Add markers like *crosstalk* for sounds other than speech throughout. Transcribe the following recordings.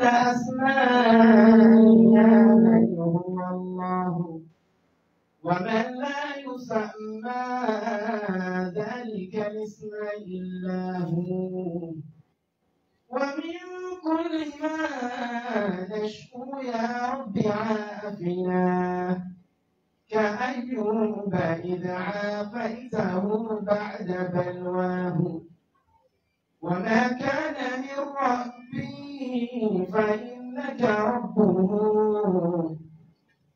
أسماء أسمائنا من هو الله ومن لا يسمى ذلك الاسم إلا هو ومن كل ما نشكو يا رب عافنا كأيوب إذ عافيته بعد بلواه وما كان من ربي فإنك ربه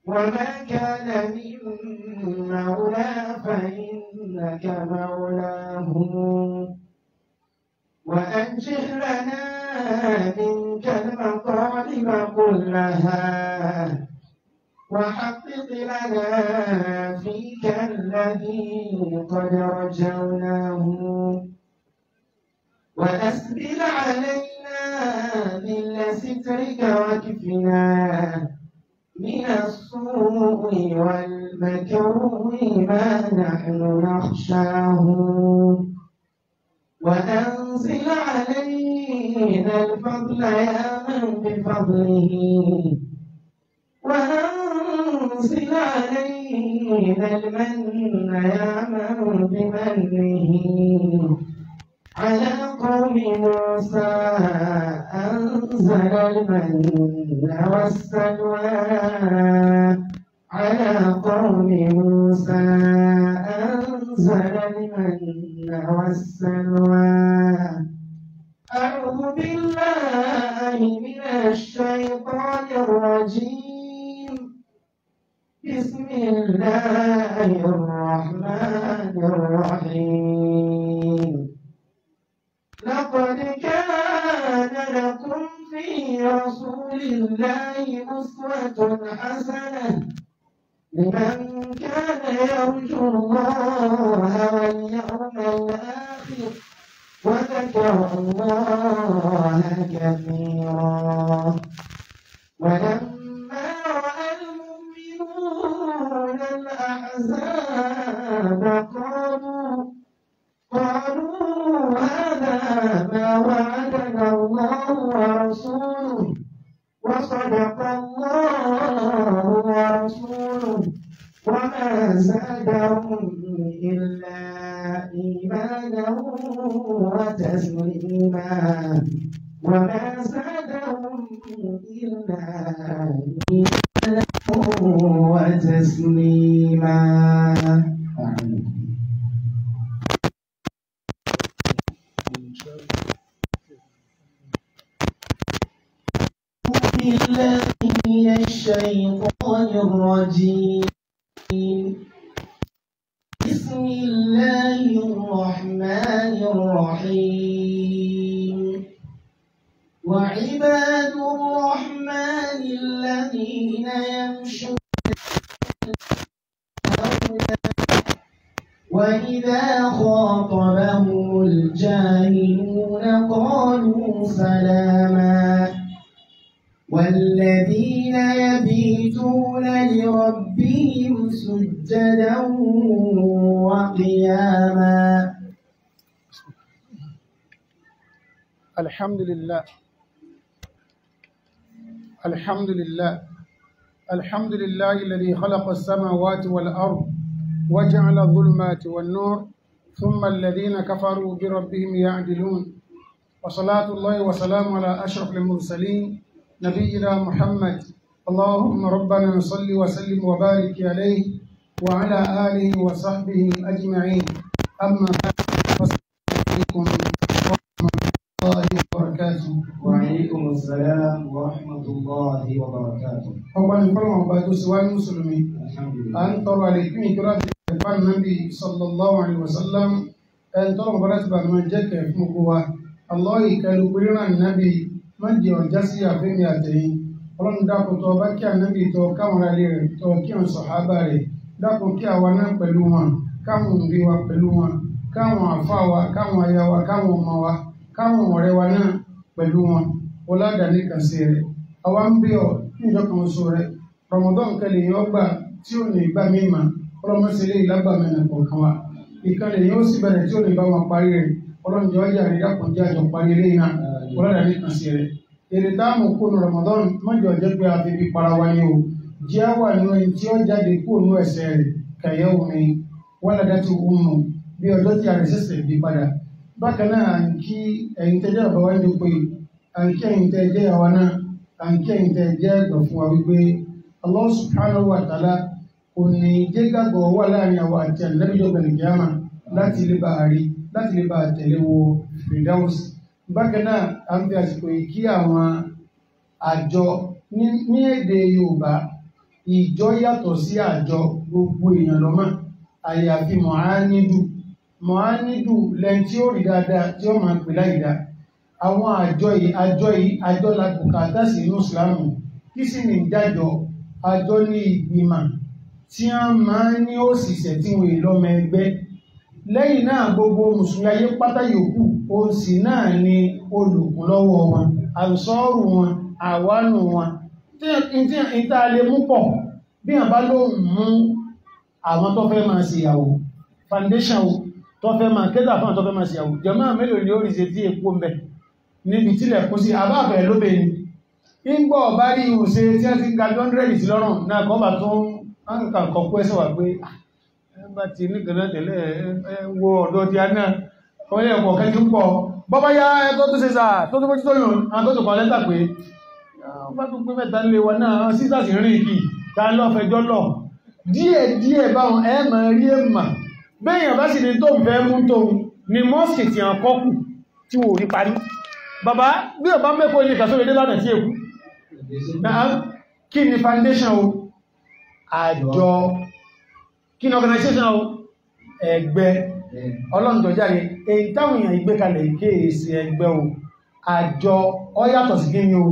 وما كان من مولى فإنك مولاه وأنجح لنا منك المطالب كلها وحقق لنا فيك الذي قد رجوناه وأسبل علينا إلا سترك وكفنا من السوء والمكروه ما نحن نخشاه وأنزل علينا الفضل يا من بفضله وأنزل علينا المن يا من بمنه على قوم موسى أنزل المن والسلوى على قوم موسى أنزل المن والسلوى أعوذ بالله من الشيطان الرجيم بسم الله الرحمن الرحيم لقد كان لكم في رسول الله أسوة حسنة لمن كان يرجو الله واليوم الآخر وذكر الله كثيرا ولما رأى المؤمنون الأحزاب قالوا لله الحمد لله الحمد لله الذي خلق السماوات والأرض وجعل الظلمات والنور ثم الذين كفروا بربهم يعدلون وصلاة الله وسلام على أشرف المرسلين نبينا محمد اللهم ربنا صل وسلم وبارك عليه وعلى آله وصحبه أجمعين أما عليكم aleykum salaam wa rahmatulahi wa barakatu. ọgbà ní fọlọ́n ọba tó ṣe wá ní mùsùlùmí. à ń tọrọ àlékún ìtura ti ẹ̀fà nàbì sallallahu alayhi wa sallam ẹ̀ ń tọrọ ọba láti bàánú jẹ́ kẹ̀ fún gbogbo wa. àlọ́ ìkẹlù pérérà nàbì má jẹ́ ọjà sí àfẹ́mi àtẹ̀yìn. ọlọ́run dákun tó ọba kí ànábì tó káwọn alẹ́ rẹ̀ tó kí àwọn sọ̀hábà rẹ̀ dákun kí àwa náà pẹ̀lú wọn káwọn òbí wa pẹ̀lú wọn káwọn àfa wa káwọn aya wa káwọn ọmọ wa káwọn ọ̀rẹ́ wa náà pẹ̀lú wọn ọládàní kan sí rẹ̀ àwa ń bí ọ níjọ kan oṣù rẹ̀ rọmọdán kẹlẹ̀ yọ gbà tí ò ní gbà mí mà ọlọ́mọsí ilé ìlágbà mẹ́rin kọ̀ọ̀kan wa ìkànnì yóò sì bẹ̀rẹ̀ tí ò ní bá wọn parí rẹ̀ ọlọ́njọ́ yà rí dákùnjẹ́ àjọ parí ilé iná ọládàní kan sí rẹ̀ èrè táàmù kónú rọmọdán mọ́jọ jẹ́ pé a fi bí para wa ni o jẹ́ wà nínú ẹni tí ó jáde kúrò ẹsẹ̀ rẹ̀ kẹ̀yẹ́ omi wọ́lẹ̀dá ti wù mú bí ọjọ́ tí a rẹ̀ bí padà bákan náà kí ẹ̀yin tẹ́jọ́ àbáwá ń dúpọ̀ àǹkẹ́yìn tẹ́ jẹ́ àwọn náà àǹkẹ́yìn tẹ́ jẹ́ ẹ̀gbọ̀n fún wa wípé Allah subhanahu wa ta'ala kò ní jẹ́ gbàgbọ́ wà láàrin àwọn àti àlẹ́bíyọ̀ gbẹ̀lẹ̀gíyàmà láti lè bá àrí láti lè bá tẹ̀lé wo freedoms bákan náà a ń fi àsìkò yìí kí àwọn àjọ ní èdè Yorùbá ìjọ yàtọ̀ sí àjọ gbogbo èèyàn lọ́mọ àyàfi mọ̀ánídù mọ̀ánídù lẹ́ni tí ó rí dáadáa tí ó máa pè láìdáa àwọn àjọ yìí àjọ yìí àjọ làbùkátà sí inú ìsìlámù kí sì ní ìdájọ àjọ ní ìgbìmọ̀ tí wọ́n máa ń ní òṣìṣẹ́ tí wọ́n lọ́mọ ẹgbẹ́ lẹ́yìn náà gbogbo mùsùlùmí ayé pátá yòókù òsì náà ni olùkúlọ́wọ́ wọn àrùsọ́ọ̀rù wọn àwánù wọn ìta lè mú pọ̀ bí wọ́n bá lóhùn mú àwọn tó fẹ́ máa ṣèyàwó foundation tó fẹ́ máa kẹ́tà fún àwọn tó fẹ́ máa ṣèyàwó jẹ́mọ́ mélòó ni ó rí ṣe tí èpo ń bẹ̀rẹ̀ níbi tílẹ̀ kú sí àbábẹ̀ lóbe ni ń gbọ́ ọ̀bá rí ìwòsẹ̀ tí a ti ga 200 sí lọ́rùn náà kan bà tó ń kàkọ̀ kú ẹsẹ̀ wà pé ah, bá ti ní gànà tẹ̀lé wo ọ̀dọ́ ti aná ọlẹ́ ọ̀pọ̀ kẹ́jú pọ̀ bọ́bá yá ẹ̀tọ́ tó ṣe sáà tó tó mójú tó yùn àwọn tó kọ̀ lẹ́tà pé ah, bá tó pé mẹ́ta lé wa náà sísà sí rìn kì ta lọ fẹjọ́ lọ díẹ̀ díẹ̀ báwọn ẹ̀ máa rí ni tó ń fẹ́ mú tóun ni bàbá bí ọba mẹ́kọ́ ilé ìkàsó ìdé lánàá tí èkú kí ni foundation o àjọ kí ni organization o ẹgbẹ́ ọlọ́ndọ̀járe èyí táwọn èèyàn ìgbé kalẹ̀ kéèsì ẹgbẹ́ o àjọ ọyàtọ̀ sí kí ni o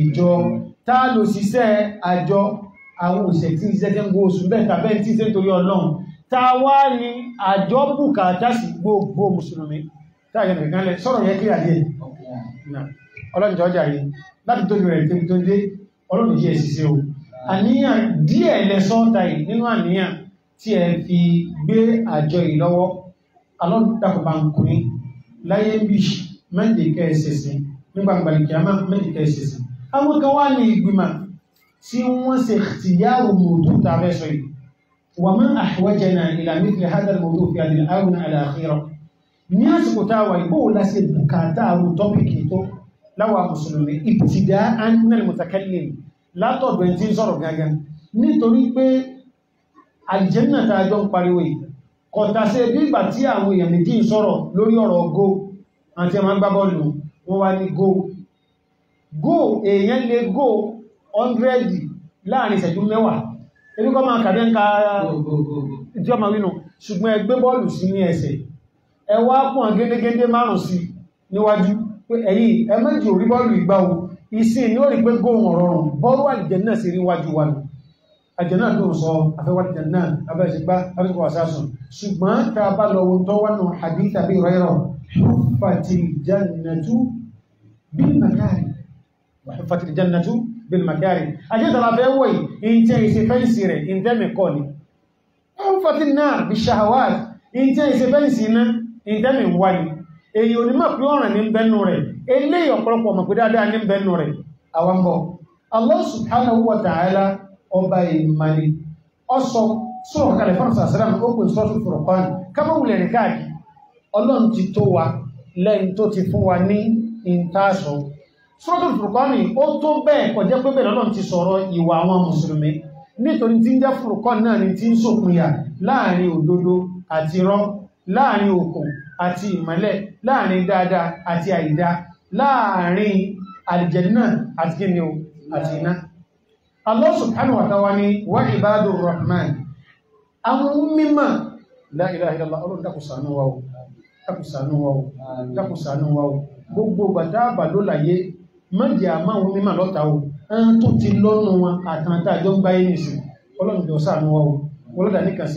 ìjọ tá lò ṣiṣẹ́ àjọ àwọn òṣè tí iṣẹ́ tẹ́ ń gbó oṣù bẹ́ẹ̀ tàbẹ́ táàgẹ̀ nìkan lẹ sọ̀rọ̀ yẹ kí àyè ọlọ́run jọjà yìí láti tó rẹ̀ tí tó dé ọlọ́run yẹ ṣiṣẹ́ o àníyàn díẹ̀ lẹ sọ́ọ̀tà yìí nínú àníyàn tí ẹ fi gbé àjọ yìí lọ́wọ́ alọ́dàpọ̀pá ń kú ní láyé bí mẹ́jẹ̀kẹ́ ṣẹ̀ṣẹ̀ nígbà gbàlìkìámà mẹ́jẹ̀kẹ́ ṣẹ̀ṣẹ̀ àwọn kan wá ní ìgbìmọ̀ tí wọ́n ṣe ti yáàrù mòdú tààrẹ sọ yìí wà mọ́ ní àsìkò táwà ìbò lásì bukata àwọn tọ́pìkì tó láwà mùsùlùmí ìtìdá antinal mutakallim látọ̀dọ̀ tí ń sọ̀rọ̀ gangan nítorí pé àjẹ́nà tààjọ́ ń pariwo kọ̀tàṣẹ́ bí ìgbà tí àwọn èèyàn méjì ń sọ̀rọ̀ lórí ọ̀rọ̀ go àti ẹmà ń gbábọ́ọ̀lù wọ́n wá ní go go èèyàn lè go 100 láàrin ìṣẹ́jú mẹ́wàá ebí kọ́ máa kàdẹ́ ń ka ìjọ́ màwínú ṣùgbọ́n ẹgbẹ́ bọ́ọ̀lù sí ní ẹsẹ̀ ẹwà pọ̀n gẹ́gẹ́gẹ́ márùn sí níwájú pé ẹ̀yìn ẹmẹ́jì orí bọ́ọ̀lù ìgbà o ìsìn ní ó rí pé góòrùn ọ̀rọ̀rùn bọ́ọ̀lù àlìjẹ̀nà sí rí wájú wa nù àjẹ̀nà tó sọ afẹ́wàlìjẹ̀nà abẹ́sìgbá abẹ́sìgbàsásùn ṣùgbọ́n ta bá lọ wọn tó wà nù hadith àbí ìrọ̀rọ̀ fàtìjẹ̀nàtú bí makari àjẹ́sàlá fẹ́ wọ̀ yìí in tẹ́ ìṣe fẹ́ǹsì rẹ̀ in tẹ́ mẹ́kọ́ ni fàtìjẹ̀nà náà ìtẹ́mì wà ní èyí onímọ̀ pí ọ̀ràn ní bẹ́nu rẹ̀ ilé ọ̀pọ̀lọpọ̀ mọ̀ pé ní bẹ́nu rẹ̀ àwọn bọ̀ Allah subhanahu wa ta'ala ọba ìmàlì ọsọ sọ̀rọ̀ kalẹ̀ fọ́nà sàṣẹ́rà ó pè sọ́ọ̀tù fọ̀rọ̀kọ́n kámọ́ wulẹ̀ wa lẹ́yìn tó ti fún wa ní ìtaṣọ sọ́ọ̀tù fọ̀rọ̀kọ́n ó tó bẹ́ẹ̀ kọjá pé bẹ́ẹ̀ lọ́lọ́run ti sọ̀rọ̀ ìwà nítorí tí ń jẹ́ fọ̀rọ̀kọ́n náà ni ti ń sòpin yà láàrin òdodo àti rọ́ọ̀ láàrin òkùn àti ìmọ́lẹ̀ láàrin dáadáa àti àìdá láàrin àlìjẹ̀nà àti kíni o àti iná Allah subhanahu wa ta'ala ni wa ibadur rahman àwọn mímọ̀ la ilaha illallah ọlọ́run dákùsànú wa o dákùsànú wa o dákùsànú wa o gbogbo bàtàbà ló láyé mọ́jẹ̀ àmáhùn mímọ̀ lọ́ta o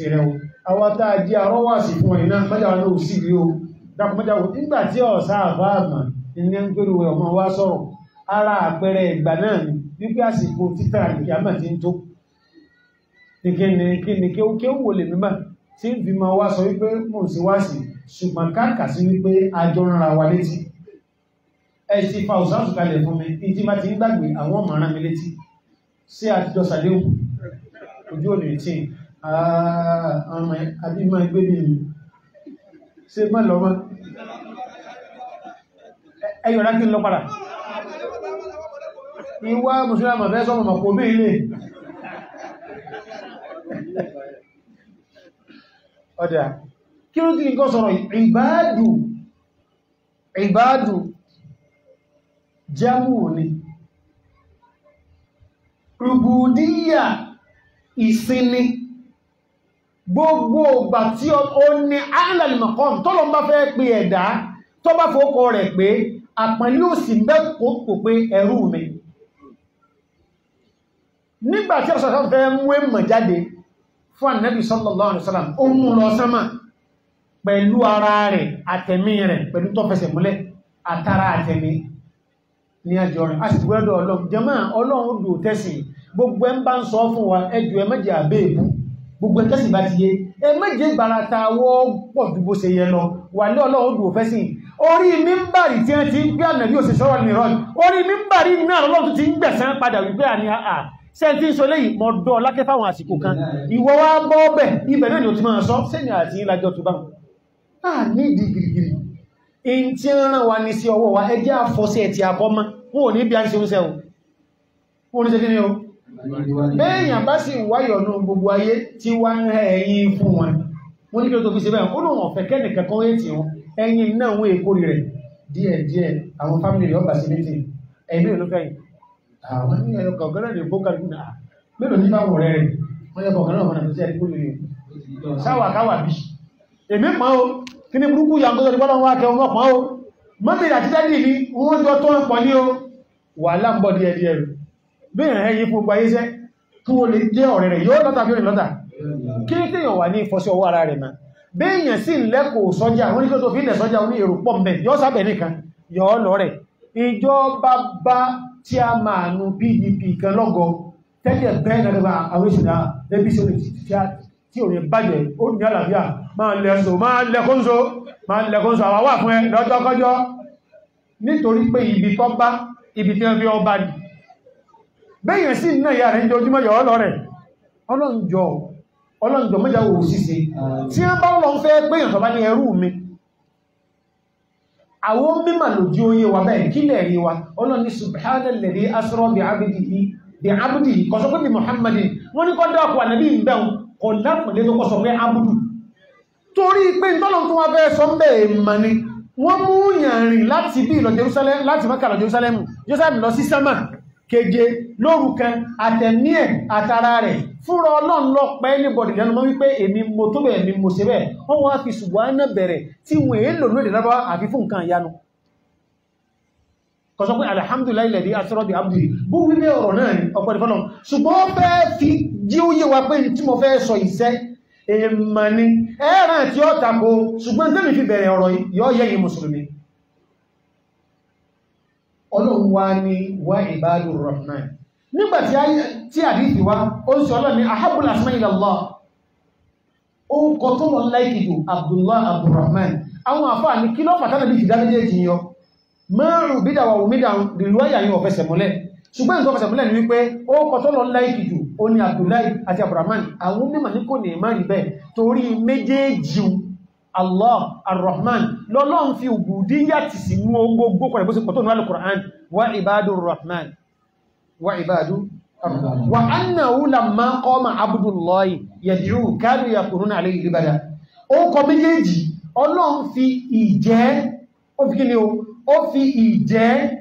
ẹn àwọn tá a jí arọ́ wà sí fún ẹ̀nà mẹ́jàwà náà sí ilé o dákùnmẹ́jàwò nígbà tí ọ̀sá àbáàmà ní ń pèrò ọmọ wá sọ̀rọ̀ ara àpẹẹrẹ ìgbà náà ni wípé àsìkò títà nìkí àmà ti ń tó nìkíni kí ó wò lè mímà tí ń fi máa wá sọ wípé mò ń sí wá sí ṣùgbọ́n káàkà sí wípé àjọ ń ra wa létí ẹ ti fa òsáàtù kalẹ̀ fún mi ìdí má ti ń gbàgbé àwọn ọmọ ara mi létí sí àtijọ́ sàdéhùn ojú òní tí Ah, ọmọ àbí máa gbé ní ìlú ṣe mọ́ lọ mọ́ ẹyọ̀ rákí lọ padà ìwá mùsùlùmí fẹ́ sọmọ̀ mọ̀ kò bí ilé ọjà kí ló tí kí kọ́ sọ̀rọ̀ ìbádù ìbádù jámù ni rùbùdíyà ìsinmi gbogbo ìgbà tí ó ní alal maqam tọ́lọ ń bá fẹ́ pé ẹ̀dá tó bá fòókọ rẹ̀ pé àpẹẹlú òsì mẹ́kòókò pé ẹrú mi nígbà tí ọ̀sán fẹ́ mú èmọ̀ jáde fún ànábì sallallahu alaihi wasallam ó mú lọ sánmà pẹ̀lú ara rẹ̀ àtẹ̀mí rẹ̀ pẹ̀lú tó wa ẹjù ẹ gbogbo ẹjọ́ sì bá ti yé ẹ méje gbarata wọ́ pọ̀ ju bó ṣe yẹ lọ wà ní ọlọ́run dùn sí orí tí ti ń gbé orí tó ti ń padà wípé àní ń kan ìwọ wa ọbẹ náà ni ti máa sọ sẹ́yìn àti ìlàjọ tó bá wọn. a ní ìdí ń ràn wá ní sí ọwọ́ wa ẹjẹ́ ti wọn ò ní bí a ń ṣe oúnjẹ o o béèyàn bá sì wáyọ̀ ní gbogbo ayé tí wá ń rẹ̀ ẹ̀yìn fún wọn wọ́n ní kí ló tó fi ṣe bẹ́ẹ̀ ó lóun ọ̀fẹ́ kẹ́nìkan kan ètì wọn ẹ̀yìn náà wọ́n èkó rẹ̀ díẹ̀díẹ̀ àwọn fámìlì rẹ̀ ọ̀bà sí méjì ẹ̀mí ìlú fẹ́yìn àwọn ní ẹ̀rọ kọ̀ọ̀gọ́rẹ̀ lè bókà lù náà mélòó ní bá wọ̀ rẹ̀ rẹ̀ wọ́n yẹ kọ̀ọ̀kan ni ni wọ́n jọ tó ń pọ̀ ní o wà bí ìrìnrìn yìí fún gbayé jẹ́ kí wọ́n lè jẹ́ ọ̀rẹ́ rẹ̀ yóò lọ́ta bí orin lọ́ta kí ní tèèyàn wà ní ìfọ́sí ọwọ́ ara rẹ̀ ma bí èèyàn sì lẹ́kọ̀ọ́ sọ́jà wọ́n ní kí ó tó fi ilẹ̀ sọ́jà ní èrò pọ̀ mẹ́ yọ́ sábẹ̀ nìkan yọ́ kan lọ́gọ tẹ́lẹ̀ bẹ́ẹ̀ nàgbà àwọn ìṣẹ̀dá lẹ́bí sí tí òun bàjẹ́ ó ní àlàáfíà máa lẹ́sọ máa lẹ́kọ́nso máa lẹ́kọ́nso àwà wà fún ẹ lọ́jọ́kọ́jọ́ nítorí pé ibi tọ́ ibi tí wọ́n fi ọba nì bẹ́yàn sí iná ìyá rẹ̀ ń jọ ojúmọ́ yọ ọ́lọ́ rẹ̀ ọlọ́njọ́ ọlọ́njọ́ mẹ́jà wò síse tí a bá lọ fẹ́ pẹ́yàn tọba ní ẹrú mi àwọn mímà lòdí oyé wa bẹ́ẹ̀ kí lẹ̀ rí wa ọlọ́ni subhanalladhi asra bi abdihi bi abdihi kọsọ pé bí muhammadin wọ́n ní kọ́dá ọkọ̀ ànàbí ìbẹ̀un kọ̀ lápùlé tó kọsọ pé abudu torí pé tọ́lọ̀ tó wá fẹ́ sọ ń bẹ̀ èèmà ni wọ́n mú yàn rìn láti bí ìlọ Jerusalem láti Mẹ́kà lọ Jerusalem Jerusalem lọ sí sámà keje lórúkan àtẹ̀ní ẹ̀ àtara rẹ̀ fúnra ọlọ́run lọ pẹ́ níbọ̀dì lẹ́nu mọ́ wípé èmi mo tó bẹ̀ èmi mo ṣe bẹ́ẹ̀ wọ́n wá fi ṣùgbọ́n bẹ̀rẹ̀ tí wọ́n èèlò lóde lábá àfi fún nǹkan ìyanu kọ̀sọ́ pé alhamdulillah lẹ́dí asọ́rọ̀bì abdul bú wípé ọ̀rọ̀ náà ni ọ̀pọ̀ ìfọ́nà ṣùgbọ́n fẹ́ fi jí ó yé wa pé tí mo fẹ́ sọ ìṣẹ́ èèmọ̀ ni ẹ̀ràn tí ó tako ṣùgbọ́n tẹ́mi ọlọ́run wá ní wá ìbáàlù rahman nígbà tí àdíjì wá ó ń sọ ọlọ́run ní ahabul asma ila Allah ó ń kọ tó lọ láìkì jù abdullah abdulrahman àwọn àfáà ní kí lọ́pàá tánàbí ìdá méjèèjì yọ márùn bídà wà òmídà rìlúwáyà yóò fẹsẹ̀ múlẹ̀ ṣùgbọ́n ìtọ́ fẹsẹ̀ múlẹ̀ ní wípé ó kọ tó lọ láìkì jù ó ní abdullah àti abdulrahman àwọn mímọ̀ ní kò ní ìmá rí bẹ́ẹ̀ torí méjèèjì Allah Ar-Rahman lọ́lọ́n fi ubudiyya ti sí mú gbogbo kan ìbó sí pọ̀tọ́ ní Al-Qur'an wa ibadu Ar-Rahman wa ibadu wa annahu lamma qama Abdullahi yad'u kanu yaquluna alayhi ribada ó kọ méjèèjì ọlọ́n fi ìjẹ́ ó fi kíni ó fi ìjẹ́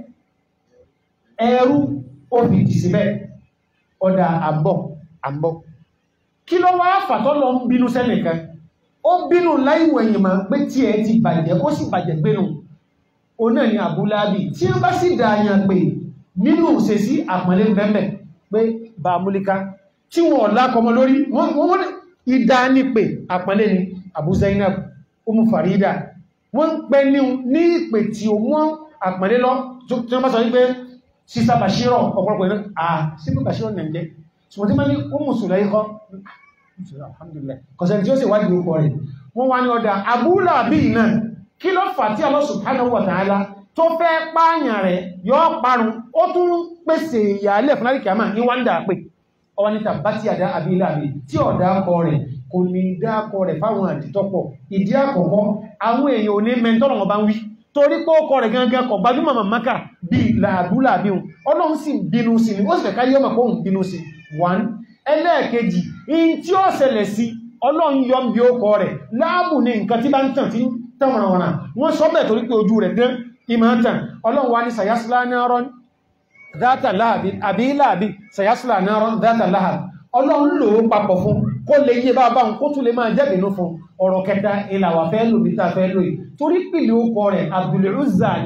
ó ń bínú láìwọ̀ èyàn máa pé tí ẹ ti bàjẹ́ ó sì bàjẹ́ gbénu ó ni àbúláàbì tí ó bá sì dààyàn pé nínú ṣe sí àpọ̀lé bẹ́ẹ̀bẹ̀ pé bá múlíká tí wọ́n lákọmọ lórí wọ́n ìdá ní pé ni Abu Zainab umu Farida wọ́n pẹ́ ní ìpè tí ó mú àpọ̀lé lọ tí wọ́n kọ̀sẹ̀ tí ó sì wádìí ó kọ rẹ̀ wọ́n wá ní ọ̀dà abúlà bí náà kí ló fà tí Allah subhanahu wa ta'ala tó fẹ́ pààyàn rẹ̀ yọ́ parun ó tún pèsè ìyàlẹ̀ fún láríkì àmà ní wọ́n dà pé ọwọ́ níta bá ti àdá abílà bí tí ọ̀dà kọ rẹ̀ kò ní dákọ rẹ̀ fáwọn àdìtọ́pọ̀ ìdí àkọ́kọ́ àwọn èèyàn ò ní mẹ́ntọ́rọ̀ wọn bá ń wí torí pé ó kọ rẹ̀ gangan kọ̀ gbajúmọ̀ màmáka bí làbúlà bí òun ọlọ́run sì bínú sí ni ó sì fẹ́ káyé ọmọ ẹlẹ́ẹ̀kejì in tí ó ṣẹlẹ̀ sí ọlọ́run yọ bí ó kọ rẹ̀ láàbù ní nǹkan tí bá ń tàn tí tánwàrànwàrà wọ́n sọ́bẹ̀ torí pé ojú rẹ̀ dán ìmọ̀tàn ọlọ́run wá ní sayasla naron dátà láàbí àbí láàbí sayasla naron dátà láàbí ọlọ́run lò ó papọ̀ fún kó lè yé bá bá ń kó tún lè máa jẹ́bìnú fún ọ̀rọ̀ kẹta ìlàwà fẹ́ bí ta fẹ́ lò torí pìlẹ̀ ókọ rẹ̀ abdulẹ̀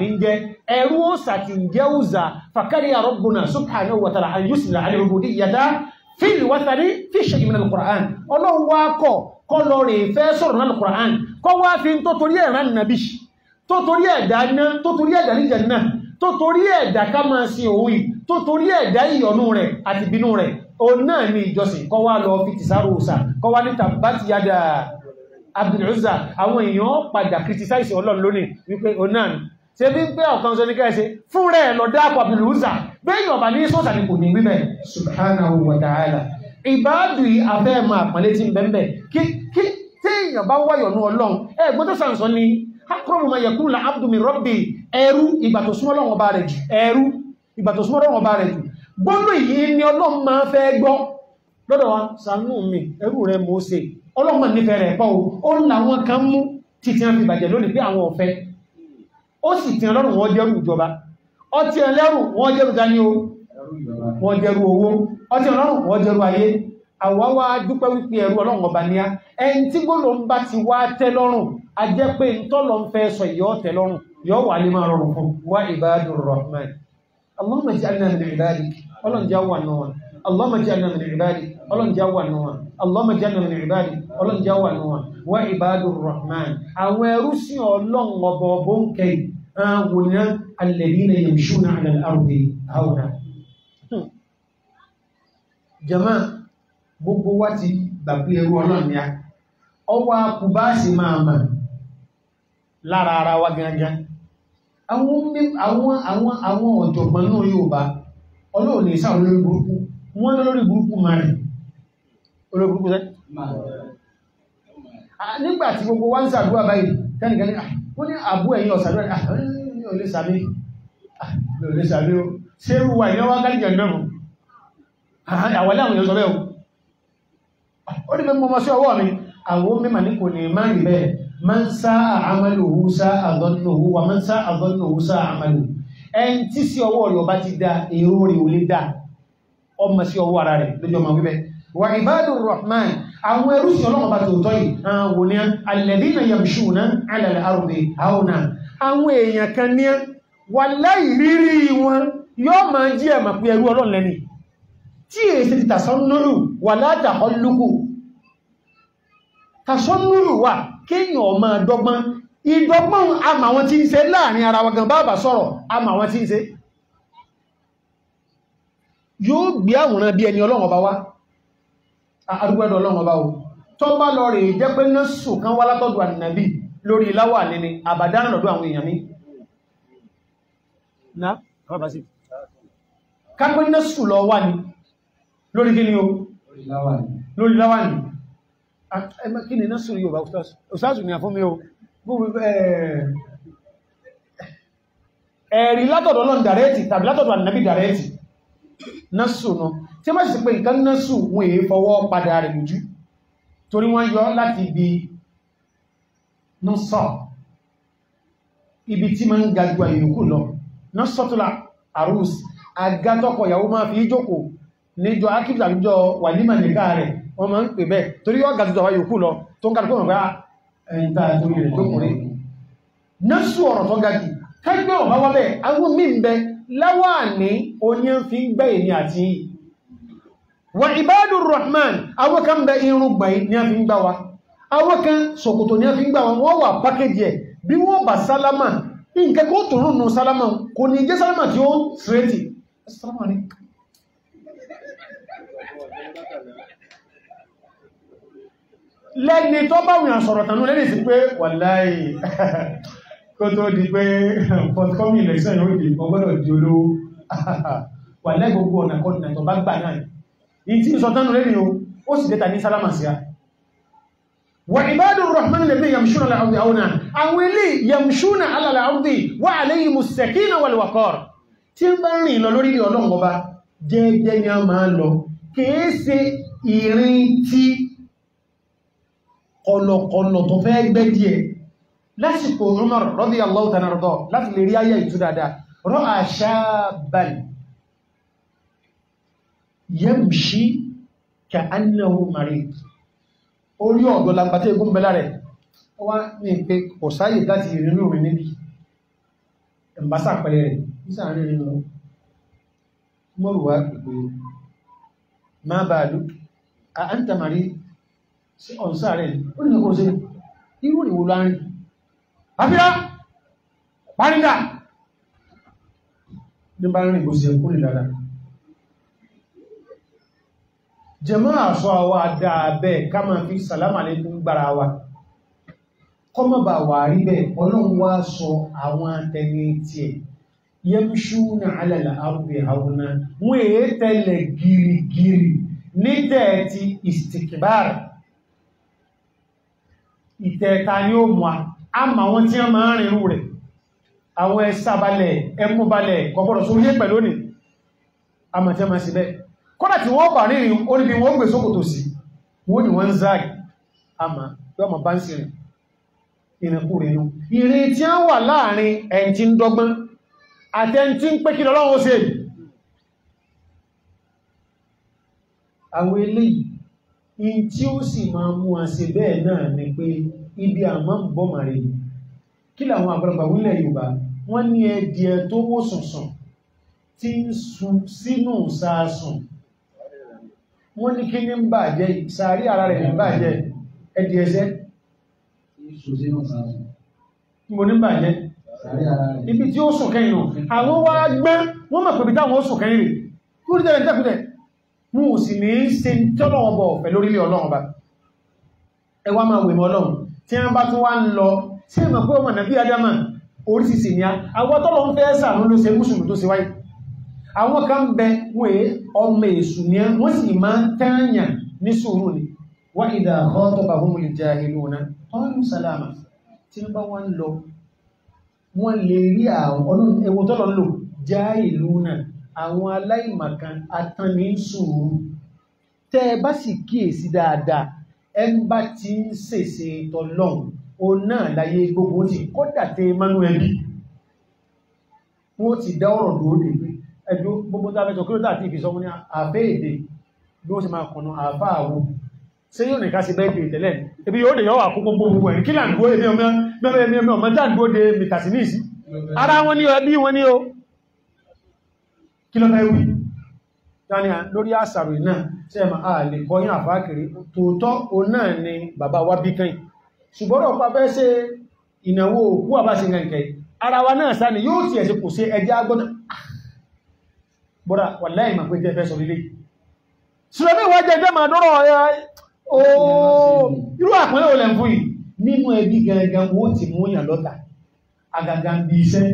ní jẹ́ ẹrú òsà kì jẹ́ òsà fàkàrí àrọ́gbùnà subhanahu wa ta'ala àyùsìlà àlẹ́rùbùdí yàtá fíìlì wáṣàdé fi ṣe ìmìnà lùkùrán ọlọ́run wá kọ̀ kọ́ lọ rè fẹ́ sọ̀rọ̀ náà lùkùrán kọ́ wá fi tó torí ẹ̀ rán nàbí tó torí ẹ̀dá iná tó torí ẹ̀dá níjà náà tó torí ẹ̀dá ká máa sin òun tó torí ẹ̀dá ìyọnú rẹ̀ àti bínú rẹ̀ òun náà ni ìjọsìn kọ́ wá lọ fi tìsára kọ́ wá níta bá ti yáda àwọn èèyàn padà criticize ọlọ́run lónìí wípé òun náà ṣe bí pé ọ̀kan sọ ní kẹ́ẹ̀ṣe fún rẹ̀ lọ dáàpọ̀ àbìlúùsà bẹ́yìn ọ̀bà ní sọ́ọ̀sà ní kò ní wíbẹ̀ subhanahu wa ta'ala ìbáàdù abẹ́ ma àpàlẹ́ tí ń bẹ́ẹ̀ kí èèyàn bá wáyọ̀nú ọlọ́run ẹgbọ́n tó sàǹsọ́ ni akọrọ̀mù ma yẹkùn la abdùmí rọ́bì ẹrú ìgbà tó súnmọ́ lọ́wọ́ bá rẹ̀ jù ẹrú ìgbà tó súnmọ́ lọ́wọ́ bá rẹ̀ jù gbọ́nà ni ọlọ́run máa fẹ́ rẹ̀ ó sì tí ọlọ́rùn wọ́n jẹ́rù ìjọba ọtí ẹlẹ́rù wọ́n jẹ́rù dání o wọ́n jẹ́rù owó ọtí ọlọ́rùn wọ́n jẹ́rù ayé àwa wá dúpẹ́ wípé ẹrú ọlọ́run ọba ní á ẹni tí gbọ́dọ̀ ń bá ti wá tẹ́ lọ́rùn a jẹ́ pé ntọ́lọ ń fẹ́ sọ ìyọ́ tẹ́ lọ́rùn yọ́ wà lè máa rọrùn fún wa ibadur rahman allahumma ij'alna min ibadik ọlọ́run jẹ́ wà náà allahumma ij'alna min ibadik ọlọ́run jẹ́ wà náà allahumma ij'alna min ibadik ọlọ́run jẹ́ wà náà wa ibadur rahman àwọn ẹrú sí ọlọ́run ọba ọbọ̀ ń kẹ́ àwòrán alladhina yamshuna ala al-ardi hawna jama gbogbo wa ti gbàgbé ẹrú ọlọ́run ya ọwọ́ akùbáàsì máa mà lára ara wa gangan àwọn àwọn àwọn ọ̀jọ̀gbọ́n náà yóò bá ọlọ́run ní ìsáwọn olórí burúkú wọ́n lórí burúkú márùn-ún olórí Ah, nígbà tí gbogbo wá ń sàdúrà báyìí tẹ́nìkan ní ah, wọ́n ní àbú ẹ̀yìn ọ̀sàdúrà ní ah, olè sàbí olè sàbí o ṣé irú wa ìyẹn wá gáríjà mẹ́rù àwọn aláwọn o ó ní mẹ́mọ́ sí ọwọ́ mi àwọn mímọ̀ ní kò ní má rí bẹ́ẹ̀ máa ń sá àmàlò hù sá àdọ́nùhù wà máa ń sá àdọ́nùhù sá àmàlò ẹn tí sí ọwọ́ rẹ̀ ọba ti da èrò rẹ̀ ò lè da ọmọ sí ọwọ́ ara rẹ̀ lójú ọmọ wíbẹ̀ wà ìbádùn rahman àwọn ẹrúsìn ọlọ́run bá tòótọ́ yìí wò ní alladhina yamshuna ala al-ardi hauna àwọn èèyàn kan ní wallahi rírí wọn yóò máa jí ẹ̀mà pé ẹrú ọlọ́run lẹ́ni tí èsì ti tàṣọ́núrù wà látàhọ́lúkù tàṣọ́núrù wà kéèyàn ọmọ dọ́gbọ́n ìdọ́gbọ́n àmà wọn tí ń ṣe láàrin ara wagan bàbá sọ̀rọ̀ àmà wọn tí ń ṣe yóò gbé àwòrán bí ẹni ọlọ́run ọba wá arúgbẹ́dọ̀ ọlọ́run ọba o tó bá lọ rè jẹ́ pé nọ́ọ̀sù kan wá látọ̀dọ̀ ànàbí lórí láwà nínú àbàdánà lọ́dọ̀ àwọn èèyàn mi. kápẹ́ nọ́ọ̀sù lọ wà ní lórí kí ni o lórí láwà ní kí ni nọ́ọ̀sù yóò bá òṣàṣù ní àfúnmi o ẹ̀rí látọ̀dọ̀ ọlọ́run dàrẹ́ẹ̀tì tàbí látọ̀dọ̀ ànàbí dàrẹ́ẹ̀tì nọ́ọ̀sù náà tí má sì pé nǹkan náà sù wọ́n èé fọwọ́ padà rẹ̀ lójú torí wọ́n yọ láti ibi nọ́sọ̀ ibi tí ma ń ga ju àyíkù lọ nọ́sọ̀tọ́lá àrùs agátọ́kọ̀ ìyàwó máa fi jókò níjọ akíbìtà níjọ wàlímà nìká rẹ̀ wọ́n máa ń pè bẹ́ẹ̀ torí yọ ga ju àyíkù lọ tó ń kàrùkù ọ̀gá ẹ̀ntà wà ìbádù rahman àwọn kan bẹ irun gbàyí ní a fi ń gbà wa àwọn kan sọ̀kòtò ní a fi ń gbà wa wọ́n wà pákéjì ẹ̀ bí wọ́n bà salama, nǹkan kó tó rùn nù sálámà kò ní jẹ́ sálámà tí ó ń sírẹ́tì sálámà ní lẹ́ni tó bá wùyàn sọ̀rọ̀ tànú lẹ́ni sí pé wàláì *laughs* kó tó di pé *laughs* forthcoming election yóò di ọgbọ́dọ̀ di olówó *laughs* wàláì gbogbo ọ̀nà kọ́nà tó bá gbà náà ìtí ìsọ̀tánù lẹ́ni o ó sì dẹ́ta ní sálámà sí a wà ìbádùn rahman lè mẹ́ yamṣúnà láàrùdì àwọnà àwọn ilé yamṣúnà alàlàrùdì wà aléyìn mùsẹ̀kínà wàlùwàkọ́r tí ń bá rìn lọ lórí ọlọ́ngọba jẹ́jẹ́ ni a máa lọ Yamshi ka annahu marid orí ọ̀dọ́ lagbàtí egún bẹ́lá rẹ̀ wá ní pé kò sáyè láti ìrìnlú rẹ̀ níbi ẹ̀mbásà pẹ̀lẹ̀ rẹ̀ nísàárín rẹ̀ lọ mọ́rùwá pẹ̀lú má bàá lú a ń tamari sí ọ̀nsá rẹ̀ ó ní kò sí irú ìwò láàrin àfíà parídà ní bá rìn kò sí ẹkùnrin dáadáa jẹmọ́ àṣọ àwọ àdáàbẹ̀ kama fi sàlámà lẹ́kún gbára wa kọmọ bà wà rí bẹ́ ọlọ́run wá sọ àwọn atẹni tí ẹ̀ yẹmṣúnà alẹ́lẹ̀ arúgbẹ̀ haúná wọ́n èé tẹ́lẹ̀ gírígírí ní tẹ́ẹ̀tì istikbar ìtẹ́ẹ̀ta ni ó mú a ma wọ́n kọ́nà tí wọ́n bà nírin oníbi wọ́n gbé sókò tó sí wọ́n ni wọ́n ń záàgì àmà yọ́mọ̀ bá ń sí rìn ìrìnkú rẹ̀ inú ìrìn tí a wà láàrin ẹ̀ntí ń dọ́gbọ́n àtẹ́ntí ń pé kí sí èyí tí ni pé ibi àmọ́ ń bọ́ màrí sínú sáásùn wọ́n ní kí ní ń bà jẹ́ ìsàárí ara rẹ̀ ní bà jẹ́ ẹdì ẹsẹ́ mo ní bà jẹ́ ibi tí ó sùn kẹ́yìn náà àwọn wá gbẹ́ wọ́n mọ̀ pẹ̀lú táwọn ó sùn kẹ́yìn rẹ̀ tó rí tẹ́lẹ̀ tẹ́kùtẹ̀ mú ò sì ní ṣe tọ́lọ̀wọ̀n bọ̀ pẹ̀lú orílẹ̀ ọlọ́run bá ẹ wá a àwọn tọ́lọ̀ ń fẹ́ sàánú ló ṣe mùsùlùmí àwọn kan bẹ wọ́n ọmọ èṣù ní wọ́n sì máa ń tẹ́yàn ní sùúrù ni wọ́n ìdá khatabahumul jahiluna qalu salama tí ń bá wọ́n lọ wọ́n lè rí àwọn ewu tọ́lọ lò jahiluna àwọn aláìmọ̀kan atán ní sùúrù tẹ́ ẹ bá sì kíyèsí dáadáa ẹ ń bá ti ń ṣèṣe tọlọ́n o náà láyé gbogbo ti kódà tẹ mánú wọ́n ti dá ọ̀rọ̀ lóde ẹ̀dù gbogbo tàbẹ́sọ̀ kí ló tàbí ìfisọ́ mú ní àfẹ́ èdè ló sì máa kọ̀nà àfá àwọ ṣe yóò nìká sí bẹ́ẹ̀kì ìtẹ̀lẹ̀ ibi yóò dẹ̀ yọ́ wà kún gbogbo ẹ̀ kí làǹgbó èmi ara wọn ní ẹbí wọn ní o kí ló mẹ́wì tani lórí àṣàrò náà ṣe ma a lè kọyín àfákiri tòótọ́ ara wa náà sáni yóò tiẹ̀ ṣe kò bọ́dà wà láì mà pé jẹ́ fẹ́ sọ lílé sùlọ́mí wá jẹ́ jẹ́mà dọ́rọ̀ irú àpẹẹrẹ olè fún yìí nínú ẹbí gangan wo ti mú yàn lọ́ta agagan bí iṣẹ́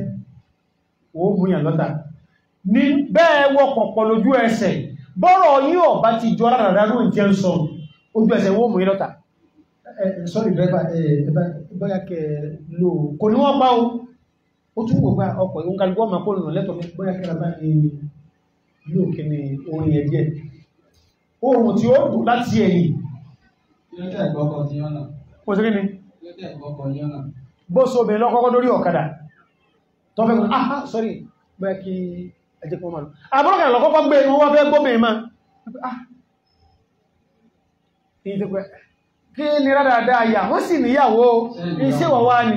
wo mú yàn lọ́ta ní bẹ́ẹ̀ wọkọ̀ pọ̀ lójú ẹsẹ̀ bọ́rọ̀ yíò bá ti jọ rárá ló ń jẹ́ ń sọ ojú ẹsẹ̀ wo mú yàn lọ́ta sọ́rì dẹ́bà bọ́yá kẹ lò kò ní wọ́n pa ó tún wò bá ọkọ̀ ìwọ̀n kálukọ́ ọmọ kó lò lẹ́tọ̀ọ́ bọ́yá kẹra bá ní yóò kí ni orin ẹ̀jẹ̀ oòrùn tí ó dùn láti ẹ̀yìn ó sì kí ni bó so bẹ̀rẹ̀ lọ́kọ́kọ́ lórí ọ̀kadà tó fẹ́ kọ́nà ah, ah sorry bẹ́ẹ̀ kí ẹjẹ́ kọ́ máa lọ àbúrọ̀kà lọ́kọ́kọ́ gbé wọ́n wá fẹ́ gbóbìnrin ma ah. kí ni rádàdà àyà wọ́n sì níyàwó iṣẹ́ wọ̀wá ni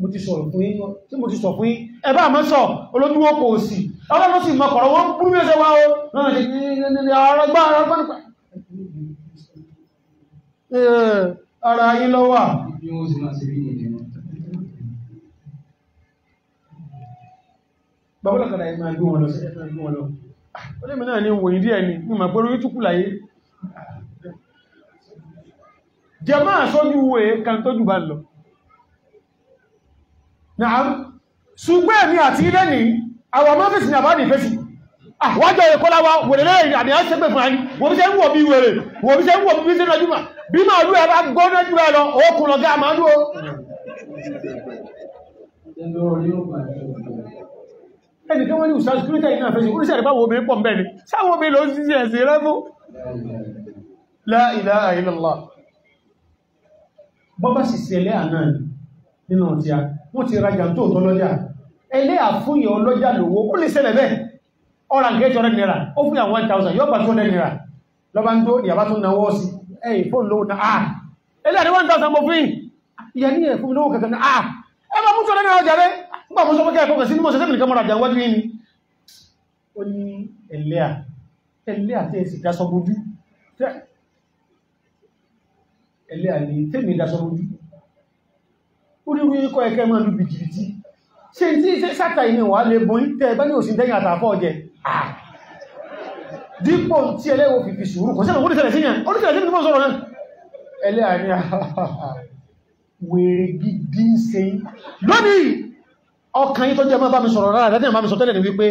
mo ti sọ̀rọ̀ fún yín tí mo ti sọ fún yín ẹ̀bá àmọ́ sọ olójúwó kò sí ọlọ́run sì mọ̀kọ̀rọ̀ wọ́n búrú mẹ́sẹ̀ wá o lọ́nà ṣe ọ̀rọ̀gbá ọ̀rọ̀gbá nípa ara yín lọ wà babalọ́kàlá ẹ̀mà gbé wọn lọ sí ẹ̀mà gbé wọn lọ olèmì náà ni wòyí díẹ̀ ni ní màgbẹ́rú yí túkù láyé jẹ máa sọ́jú wòye kan tójú bá lọ náà ṣùgbọ́n ni àti ilé ní àwọn mọ́fíìsì ní ah, àbáàdì ìfẹ́sì àwájọ ìkọláwà wèrèlé ìrìnàdì àṣẹ́gbẹ̀ fún àní wọ́n fi ṣe ń wọ̀ bí wèrè wọ́n fi ṣe ń wọ̀ bí sínú ọjọ́ bí máa lú ẹ̀rọ gbọ́nà jù ẹ lọ òkun ọ̀gá máa lú o. ẹnì kí La ilaha illallah bọ́bá sì ṣẹlẹ̀ àná nínú ọ̀tíà wọ́n ti rajà tó tọ́ lọ́jà ẹlẹ́ àfúnyàn ọlọ́jà lówó ó lè ṣẹlẹ̀ bẹ́ẹ̀ ọ̀rà nǹkan ẹjọ́ ó fún àwọn 1000 yóò bá 200 naira lọ́bá ń tó ìyàbá tó náwó sí ẹ̀yìn fóòn lówó àti ẹ̀sì dasọ bojú oríru ikọ̀ ẹ̀kẹ́ mọ́ lú bìjìrìtì ṣe tí ṣe sáta ìní wà lè bọ́ tẹ́ ẹgbẹ́ ní òsìn tẹ́yìn àtàfọ́ ọjẹ́ dípò tí ẹlẹ́wọ̀ fìfì sùúrù kò sẹ́nà orísẹ̀lẹ̀ síyàn orísẹ̀lẹ̀ sí ìdúnmọ́ sọ́rọ̀ náà ẹlẹ́ àní wèrè gidi ń ṣe lónìí ọkàn yí tó jẹ́ máa bá mi sọ̀rọ̀ rárá tẹ́tẹ́ bá mi sọ tẹ́lẹ̀ ní wípé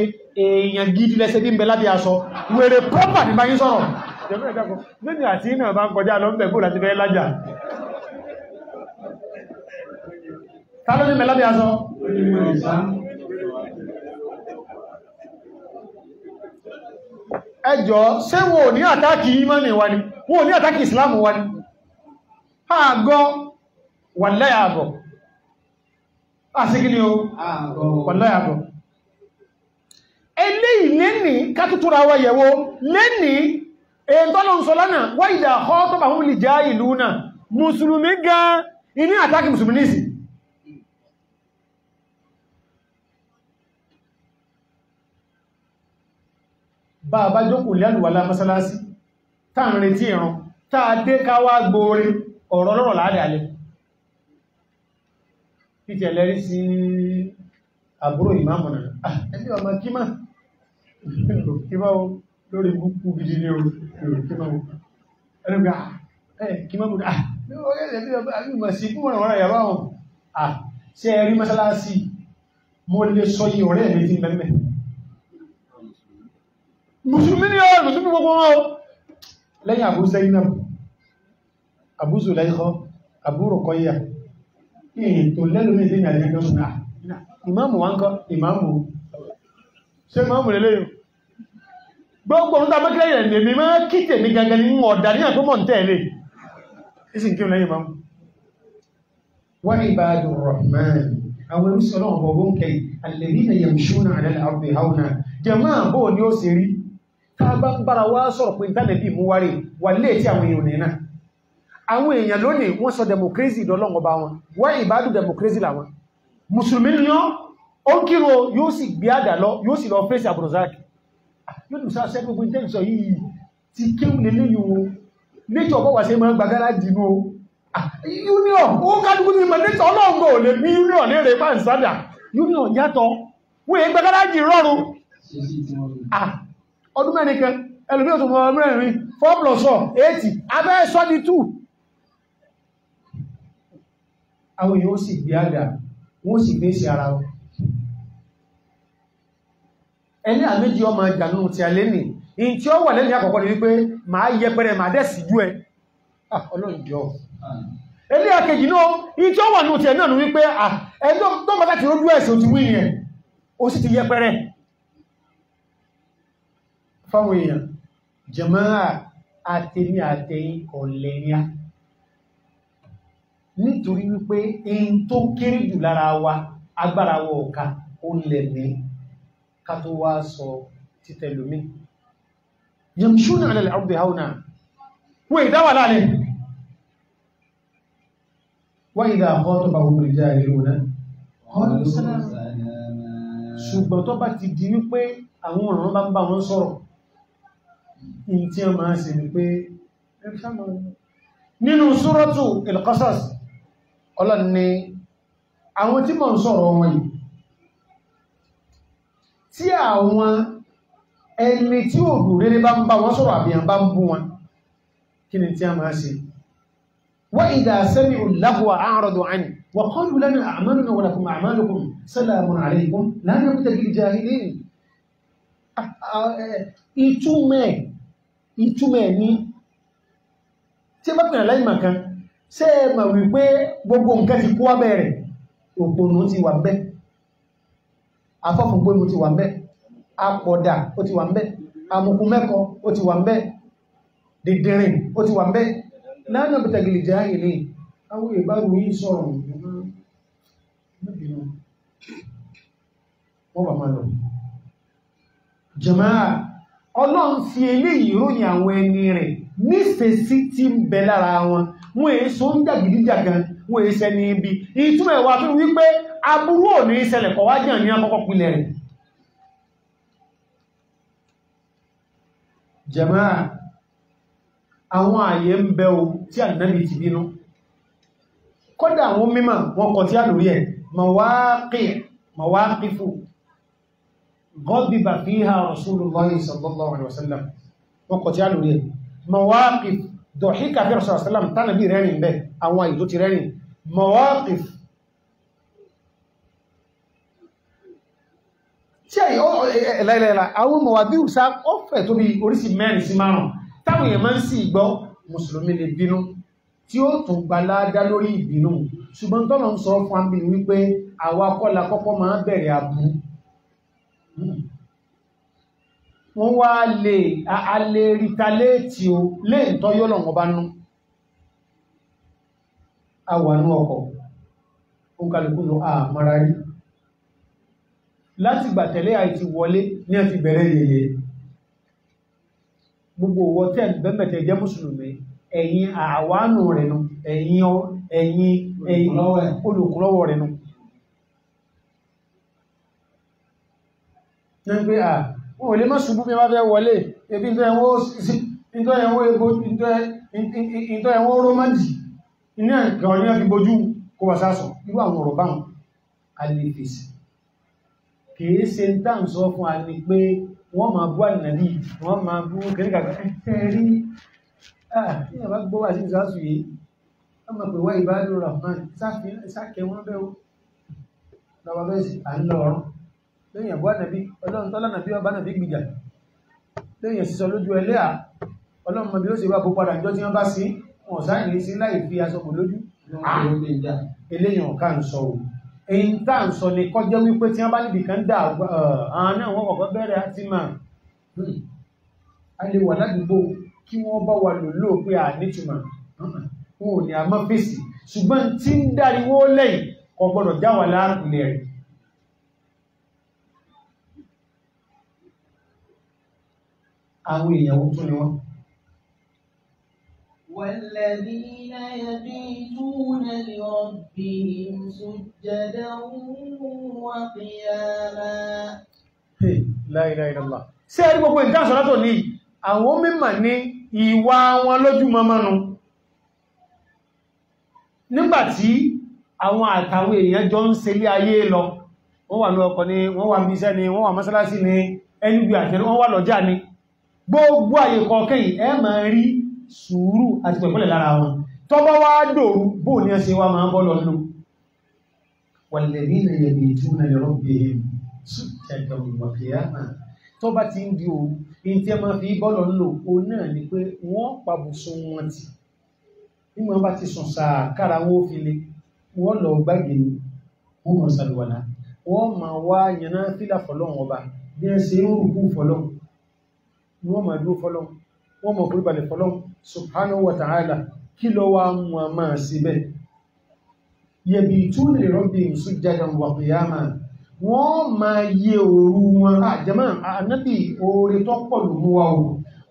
èèyàn gidi lẹ́sẹ̀ bí ń bẹ lábẹ́ aṣọ wèrè pọ́pà ní ta ló ní mẹ́ lábẹ́ aṣọ ẹjọ́ ṣé wọn ò ní àtàkì ìmánì wa ni ataki ò ní àtàkì ìsìláàmù wa ni àgọ́ wà láyàbọ̀ àsìkí ni ó wà láyàbọ̀ eléyìí lẹ́ni kátútúra wa yẹ̀wó lẹ́ni èyí tọ́lọ ń sọ lánàá wáyìdà họ́ tọ́bà hún lè já ìlú náà mùsùlùmí gan iní àtàkì mùsùlùmí bá a bá jókòó lẹ́lùwàlá mọ́sálásí táà ń retí ìran táà dé káwá gbóore ọ̀rọ̀ lọ́rọ̀ láàrẹ̀alẹ̀ títẹ̀ lẹ́rí sí àbúrò ìmáàmù náà ah, ẹbí ọmọ kímà kímà o lórí gbogbo gidi ní o kímà o ẹni gbà ah, ẹ kímà mú náà ẹbí ọmọ àbímọ̀ sí fún wọn ah, ṣe ẹrí mọ́sálásí mo lè sọ yìí ọ̀rẹ́ mi ti mùsùlùmí ni ọ́ mùsùlùmí gbogbo wọn o lẹ́yìn Abu Zainab Abu Zulaikha Abu Ruqayya ètò lẹ́lùmí sí ìrìn àjẹ́jọ́ náà ìmáàmù wá ń kọ́ ìmáàmù ṣe máàmù lè léyìn gbogbo ń tàbí kílẹ̀ ìrìn èmì máa kí tèmi gangan ní ọ̀dà ní àpọ́mọ̀ ń tẹ̀lé ìsìn kí lẹ́yìn máàmù wọ́n ibadu rahman àwọn irúsọ̀lọ́ ọ̀bọ̀gbọ́n kẹ alladhina yamshuna ala al-ardi hauna jẹ́máà bóò ni ó sì rí ta bá ń bára wá sọ̀rọ̀ pé ìtànẹ̀bí mú wárí wà lè tí àwọn èèyàn nìyàn àwọn èèyàn lónìí wọ́n sọ democracy ìdọ́lọ́ngọba wọn wọ́n ìbádù democracy làwọn mùsùlùmí ni ó ń kíro yóò sì gbé àdà lọ yóò sì lọ fèsì àbùrọ̀záàkì ah, yóò dùn sáà sẹ́gbogbo ìtẹ́sọ yìí ti kéhùn lè léyìn o nature bọ́ wà sí máa ah, union wọ́n èé gbàgárá rọrùn ah, ọdún mẹ́rin kan ẹlòmí ọ̀tún mọ́ mẹ́rin 4 plus 4 abẹ́ ẹ̀ṣọ́ di 2 àwọn èèyàn ó sì gbé àgà wọ́n sì gbé sí ara wọn ẹni àméjì ọmọ ìjànú ti alẹ́ nì in tí ó wà lẹ́ni àkọ́kọ́ ni wípé ma yẹ pẹrẹ ma dẹ̀ ah, ah, sí jú ẹ fáwọn èèyàn jẹmọ́ra àtẹ̀mí àtẹ̀yìn ọ̀lẹ́yà nítorí wípé in tó kéré jù lára wa agbára wọ ọ̀ka ó lẹ̀mí ká tó wá sọ títẹ̀lómí yamshuna ala al-ardi hauna wọ́n ṣùgbọ́n tó bá ti di wípé àwọn ọ̀rọ̀ bá ń bá wọn sọ̀rọ̀ in tí a máa ṣe ní pé nínú súrọ́tù il-Qasas ọlọ́n ni àwọn tí mọ̀ ń sọ̀rọ̀ wọn yìí tí àwọn ẹni tí ò dùn rere bá ń bá wọn sọ̀rọ̀ àbíyàn bá ń bú wọn kí ni tí a máa ṣe wa idha sami'u al-lahwa a'radu anhu wa ìtumẹ̀ ní tí bá pìnà láì màkan ṣe é mà wípé gbogbo nǹkan ti kó abẹ́rẹ̀ òpònú ti wà bẹ́ afọ́fùgbónú ti wà bẹ́ apọ̀dà ó ti wà bẹ́ amukú mẹ́kọ ó ti wà bẹ́ dìdìrìn ó ti wà bẹ́ lánàá jama'a ọlọ́run fi eléyìí ròyìn àwọn ẹni rẹ̀ níṣesí tí ń bẹ lára wọn wọn èé so ń jàgídíjàgan wọn èé sẹni ibi ìtumọ̀ ẹ̀wà tó wípé aburú ò ní ṣẹlẹ̀ kọ̀ wájú ní akọ́kọ́ pinlẹ̀ rẹ̀ jàmáà àwọn àyè ń bẹ o tí ànábì ti bínú kọ́dà àwọn mímọ̀ wọn kọ̀ tí a lórí ẹ̀ mawaqi mawaqifu غضب فيها رسول الله صلى الله عليه وسلم وقت يالو مواقف ضحك في رسول الله صلى الله عليه وسلم تانا بي رينين به اوان يدو ترينين مواقف ṣe ẹ̀lẹ́lẹ́lá àwọn mọ̀wàdí ìsá ọ́fẹ́ tó bí oríṣìí mẹ́rin sí márùn táwọn èèyàn máa ń sí ìgbọ́ mùsùlùmí lè bínú tí ó tún gbaládá lórí ìbínú ṣùgbọ́n tọ́nà ń sọ fún àmì wípé àwọn akọ́lá kọ́kọ́ máa bẹ̀rẹ̀ àbúrú wọ́n wá lè alè rítaléètì o lè ń tọ́ yọ́lọ̀ ọba nú àwànú ọkọ̀ ó kàlùkù lọ àmàrà rí láti gbàtẹ̀lẹ́ àìti wọlé ní àti bẹ̀rẹ̀ yẹyẹ gbogbo owó tẹ́ bẹ́mẹ̀tẹ̀ jẹ́ mùsùlùmí ẹ̀yin àwánù rẹ̀ tó ń pé à wọn ò lè má ṣubú bí wọ́n fẹ́ wọlé ebi tó ẹ̀wọ́ ìtọ́ ẹ̀wọ́ epo ìtọ́ ẹ̀wọ́ rómánjì iná ìgbà ọ̀yìn fi bojú kó wà sásọ̀ irú àwọn ọ̀rọ̀ báwọn alẹ́fẹ̀ẹ́sì kìí ṣe ń tàn sọ fún a ní pé wọ́n máa bú ànàbí wọ́n máa bú kẹ́ríkàkà ẹ̀rí lẹ́yìn bọ́ ànàbí ọlọ́run tọ́lá nàbí ọba nàbí gbìjà lẹ́yìn sísọ lójú ẹlẹ́à ọlọ́run mọ̀ bí ó sì wá púpọ̀ àjọ tí wọ́n bá sí wọn sáà ní sí láì fi aṣọkò lójú eléyìn ọ̀ká ń sọ òun èyí tá à ń sọ ní kọjá wípé tí wọ́n bá níbi kan dà àwọn náà wọ́n kọ̀kọ́ bẹ̀rẹ̀ àti mà á lè wà ládùúgbò kí wọ́n bá wà lò lò pé ànítumọ̀ wọn ò ní àmọ́ fèsì ṣùgbọ́n tí ń dáriwó lẹ́yìn kò gbọ́dọ̀ já wà láàrùn àwọn èèyàn tún ni wọ́n. والذين يبيتون لربهم سجدا وقياما لا إله إلا الله ṣe ẹ̀rí gbogbo ìdáhùn sọ́lá tó ní àwọn mímọ̀ ní ìwà wọn lójú mọ́mọ́nu nígbàtí àwọn àtàwọn èèyàn jọ ń ṣe lé ayé lọ wọ́n wà ní ọkọ̀ ni wọ́n wà bíṣẹ́ ni wọ́n wà mọ́sálásí ni ẹni gbì àtẹ́rẹ́ wọ́n wà lọ́jà ni gbogbo àyè kọ̀ọ̀kan yìí ẹ máa rí sùúrù àti pẹ̀pẹ̀lẹ̀ lára wọn tọ́bọ́ wá dòrú bó ní ẹsẹ̀ wa máa ń bọ́ lọ́nà wàlẹ̀bí ilẹ̀ yẹ̀bí tí wọ́n lè rọ́bì ẹ̀yìn ṣẹ̀dọ̀ ìwàkìyà náà tó bá ti ń di o in tí ẹ máa fi bọ́ lọ́nà o náà ni pé wá yànnà fílà fọlọ́run ọba bí ẹ ṣe ń rúkú fọlọ́run ni wọ́n máa dúró fọ́lọ́hun wọ́n máa forí balẹ̀ fọ́lọ́hun subhanahu wa ta'ala kí lọ wá mú a máa sí bẹ́ yẹ̀bì tún lè rọ́bì sujjadan wa qiyama wọ́n máa yẹ òru wọn àjẹmọ́ ah, ah, ànábì oore tó pọ̀ ló mú wa o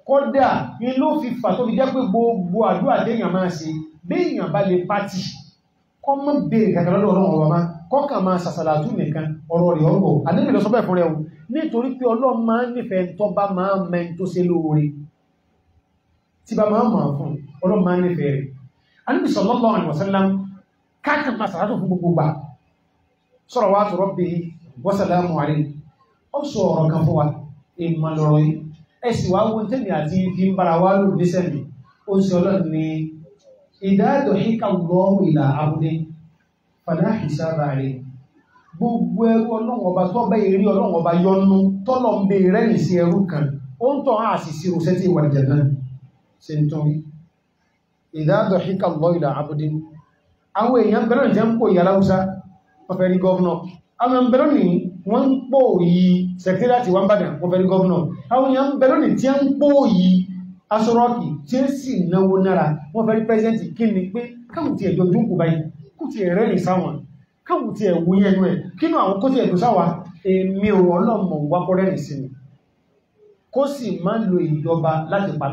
kódà ni ló fi fà tó fi jẹ́ pé gbogbo àdúrà téèyàn máa ṣe béèyàn bá lè pátì kọ́mọ́ bèèrè kàkàlọ́dọ̀ ọlọ́run ọba máa kọ́kà máa sàṣàlátù nìkan ọ̀rọ̀ rẹ̀ ọ̀rọ̀ àdínlẹ̀ lọ sọ́bẹ̀ fún rẹ̀ o nítorí pé ọlọ́run máa ń nífẹ̀ẹ́ tó bá máa ń mẹ́ tó ṣe lóore tí bá máa ń mọ̀ fún ọlọ́run máa ń nífẹ̀ẹ́ rẹ̀ ànábì sallallahu alaihi wasallam káàkiri máa sàṣàlátù fún gbogbo gbà ìdádọ̀ híkà ìlà abúlé fàlá ìṣàbà rẹ̀ gbogbo ẹrú ọlọ́run ọba tó bẹ́ eré ọlọ́run ọba yọnu tọ́lọ̀ ń bè rẹ́rìn sí ẹrú kan ó ń tàn á sì sí rosẹ́ tí ìwà ìjẹ̀nà ṣe ń tán ìdádọ̀ híkà lọ ìlà abúdín àwọn èèyàn bẹ̀rẹ̀ jẹ́ ń pò ìyá láwúsá wọ́n fẹ́ rí gọ́ọ̀nà àwọn bẹ̀rẹ̀ ní wọ́n kù ti ẹ̀rẹ́ rìn sáwọn káwọn ti ẹ̀wò yẹnu ẹ̀ kínú àwọn kó ti ẹ̀dùn sáwà èmi ò ọlọ́mọ wá kọ́ rẹ́rìn sí mi kó sì má lo ìjọba láti pa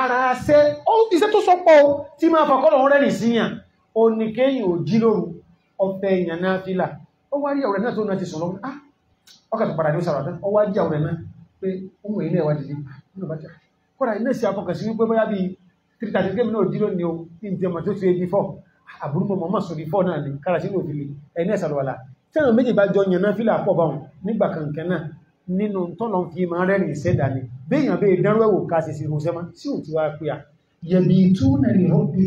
ara ṣe ó iṣẹ́ tó sọpọ̀ tí máa fàkọ́lọ̀ rẹ́rìn síyàn ó ní kéyìn ò jí lóru ọ̀fẹ́ èèyàn ó wá rí ọ̀rẹ́ náà tó náà ti sùn ah ọkà tó padà ní ó sàrọ̀ tán ó wá jí ọ̀rẹ́ náà pé ọmọ ilé ẹ̀wà dìde nínú bàjá kọ́ra ilé ìṣẹ́ afọkànsí wípé bóyá bíi three thirty game náà dúró ni o ìjẹ mọ̀ tó ti ebi fọ́ àbúrúmọ̀ mọ̀ sọ ní fọ́ náà ni kára sí òfin lè ẹni ẹ̀sà lọ́wọ́lá tẹ́lẹ̀ méjì bá jọ yànnà fílà pọ̀ bá wọn nígbà kankan náà nínú tọ́lọ̀ fi máa rẹ́rìn ìṣẹ́dà ni béèyàn bẹ́ẹ̀ dánwẹ́wò ká sì sí rosẹ́má sí òtí wá pé à yẹ̀bì túnà lè rọ́bì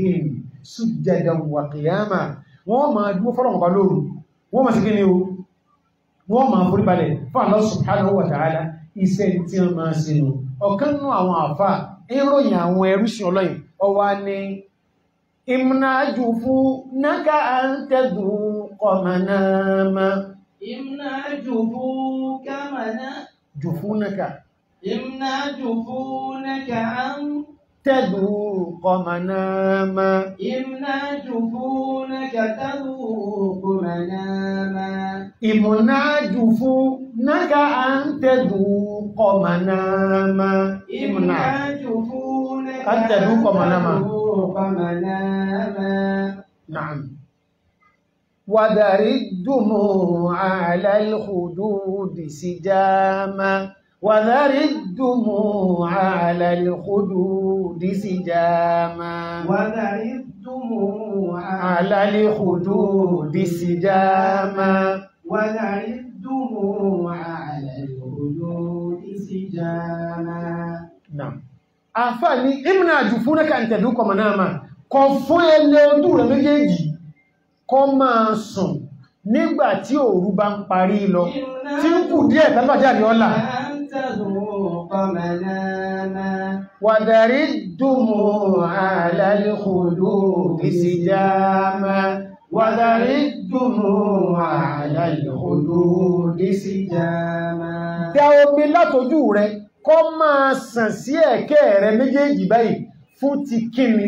sujjadan wa qiyama wọ́n máa dúró fọ́lọ̀wọ̀n bá lóru wọ́n máa sì kí ni o wọ́n máa forí balẹ̀ fún Allah subhanahu wa ta'ala iṣẹ́ tí wọ́n máa ṣe nù ọ̀kan nú àwọn àfà ìròyìn àwọn ẹrúṣin ọlọ́yìn ọwá ní ìmúnájú fún nága àǹtẹ̀gù kọmọ̀nàmà ìmúnájú fún kẹmọ̀nà jù fún nága ìmúnájú fún nága àǹtẹ̀gù kọmọ̀nàmà ìmúnájú fún nága tẹ̀gù kọmọ̀nàmà إمناجف نك أن تذوق مناما إمناجف أن تذوق مناما نعم وذر الدموع على الخدود سجاما وذر الدموع على الخدود سجاما وذر الدموع على الخدود سجاما ونردهم على الخلود سجاما نعم àfáàní ìmìnà àjùfúnẹ́kà ìtẹ̀dúkọ̀ manáàmà kọ fún ẹlẹ́ ojú rẹ̀ méjèèjì kọ máa sùn nígbà tí òru bá ń parí lọ tí ń kù díẹ̀ tàbàjá ní ọlá wàdàrí dùnmù àlàlẹ́kùnlò ìsìjáàmà wàdàrí Kúrò àyà ìhòdó dé sí jàmá. Dá omi látojú rẹ kọ́ máa sàn sí ẹ̀kẹ́ rẹ méjèèjì báyìí fún ti kíni,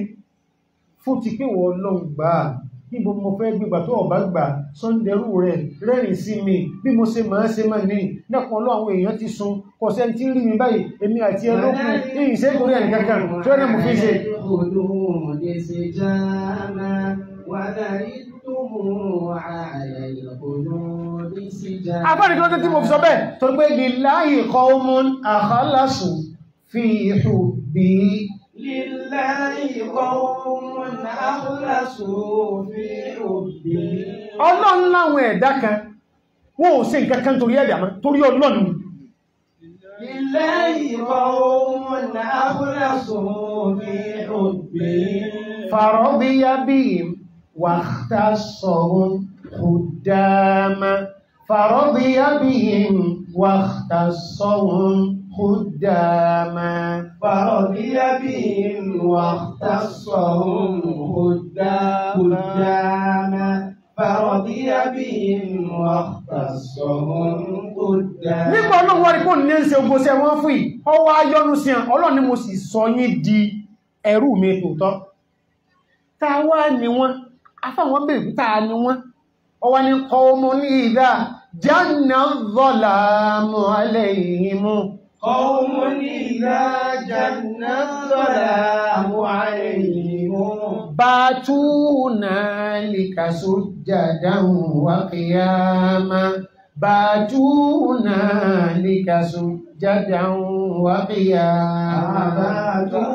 fún ti pé wọ́n lọ gbà á. Bí mo mọ fẹ́ gbígbà tó ọ̀bá gbà, sọ́ndẹ̀rú rẹ̀ rẹ́rìn sí mi, bí mo ṣe máa ṣe máa ní, nẹ́kan lọ àwọn èèyàn ti sun, kọ̀ sẹ́ni tí rí mi báyìí, èmi àti ẹlọ́kùn, ní ìṣẹ́gbórí ẹ̀nìkankan, tó ẹ̀rẹ́ mo fi ṣe. Olóhùn ọ̀dẹ̀ ṣe jáàmá, wàdà ìlú. Afẹ́rì kí ló dé tí mo fi sọ bẹ́ẹ̀ tó gbé lillahi qawmun akhlasu fi hubbi. Lillahi qawmun akhlasu fi hubbi. Ọlọ́run láwọn ẹ̀dá kan, wọ́n ò ṣe nǹkan kan torí ẹ̀dá mọ́, torí Ọlọ́run. Lillahi qawmun akhlasu fi واختصهم خداما فرضي بهم واختصهم خداما فرضي بهم واختصهم خداما فرضي بهم واختصهم خداما nípa ọlọ́run wá rí kó ní ṣe ogun ṣe wọ́n fún yìí ọwọ́ ayọ́nu sí ẹ̀ ọlọ́run ni mo sì sọ yín di ẹrú mi tòótọ́ ta wá ni wọ́n afáwọn bèèrè pítà ni wọ́n ọwọ́ ni kọ́ọ̀mù ní ìdá jẹ́nà zọ́là mọ́ alẹ́ ìhìmú kọ́ọ̀mù ní ìdá jẹ́nà zọ́là mọ́ alẹ́ ìhìmú bàtúnà lìkàṣó jàdáhùn wákìyàmá bàtúnà lìkàṣó jàdáhùn wákìyàmá bàtúnà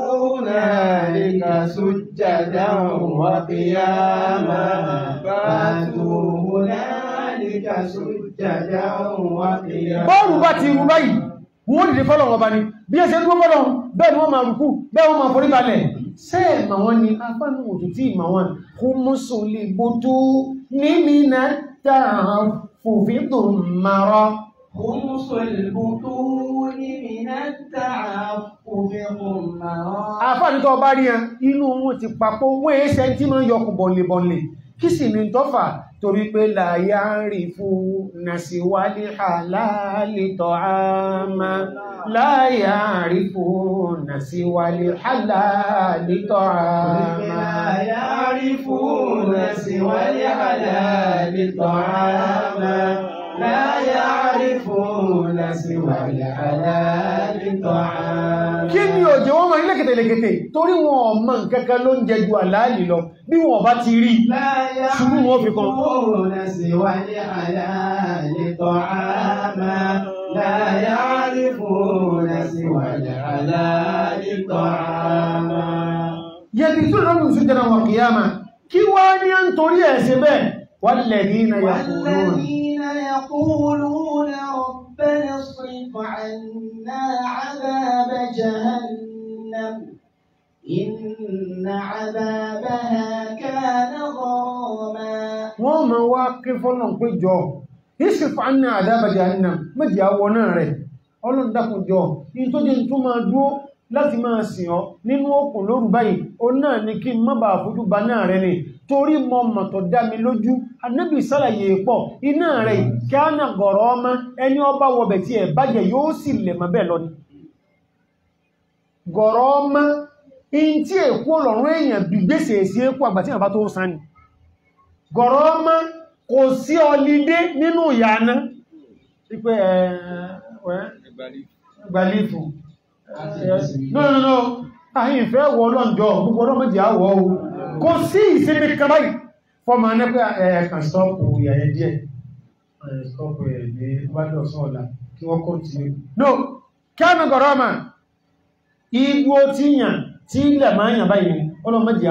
هنالك سجدا وقياما فاتوا هنالك سجدا وقياما bọ́ọ̀rù bá ti rú báyìí wọ́n dìde fọ́lọ̀ ọba ni bí ẹ ṣe ń gbọ́gbọ́lọ̀ bẹ́ẹ̀ ni wọ́n máa rùkú bẹ́ẹ̀ wọ́n máa forí balẹ̀ sẹ́ẹ̀ mà wọ́n ni apánú òtù tí mà wọ́n kú mọ́sọ̀ lè gbójú ní mìíràn tààrà fòfin tó mara خمس البطون من التعفف غمران. àfáàní tó bá rí yan inú wọn ti papò wọ́n èé ṣe tí máa ń yọkùn bọ̀nlẹ̀bọ̀nlẹ̀ kí sì ní tọ́fà torí pé láyá ń rí fún nàṣíwálé àláàlè tọ́ àmà láyá ń rí fún nàṣíwálé àláàlè tọ́ àmà. láyá ń rí fún nàṣíwálé لا يعرفون سوى الحلال طعام kí ni òjò wọn mọ̀ ní lẹ́kẹ̀tẹ̀lẹ́kẹ̀tẹ̀ torí wọn ọmọ nǹkankan ló ń jẹ ju àláàlì lọ bí wọn bá ti rí ṣubú wọn fi kan. yẹ̀dì tó lọ́nà ìṣújẹ́ náà wà kìí àmà kí wá ní à ń torí ẹ̀ ṣe bẹ́ẹ̀ wal ladina yaqulun يقولون ربنا اصرف عنا عذاب جهنم إن عذابها كان غراما وما máa wá ké fọ́nà pé jọ ìṣèfà àná àdába jahannam méjì àwọ̀ náà rẹ̀ ọlọ́run dákun jọ ní tó jẹ́ tó máa dúó láti máa sìn ọ́ nínú òkun lóru báyìí ó náà ní kí n fojú ba náà rẹ̀ ni torí mọ mọ̀tọ̀ dá mi lójú anábì sálàyé pọ̀ iná rẹ̀ kí á nà gọ̀rọ̀ ọmọ ẹni ọba wọ̀bẹ̀ tí ẹ̀ bàjẹ́ yóò sì lẹ̀ mọ́ bẹ́ẹ̀ lọ́ni gọ̀rọ̀ ọmọ in tí èkó lọ̀rún èèyàn bí gbèsè sí èkó àgbà àbá tó sán ni gọ̀rọ̀ ọmọ kò sí ọlídé nínú ìyàná pípẹ́ ẹ̀ẹ́ àyìn ìfẹ́ wọ lọ́njọ́ gbogbo ọdọ́ méjì àwọ̀ o kò sí ìsinmi kàbáyì fọ́mà nípa ẹ̀ẹ̀kan sọ́pù ìyàyẹ díẹ̀ sọ́pù ẹ̀ẹ̀dẹ́ wájú ọ̀sán ọ̀la kí wọ́n kó ti no kẹ́mì gọ̀rọ́mà igbó tí yàn tí ilẹ̀ máa yàn báyìí ọlọ́ méjì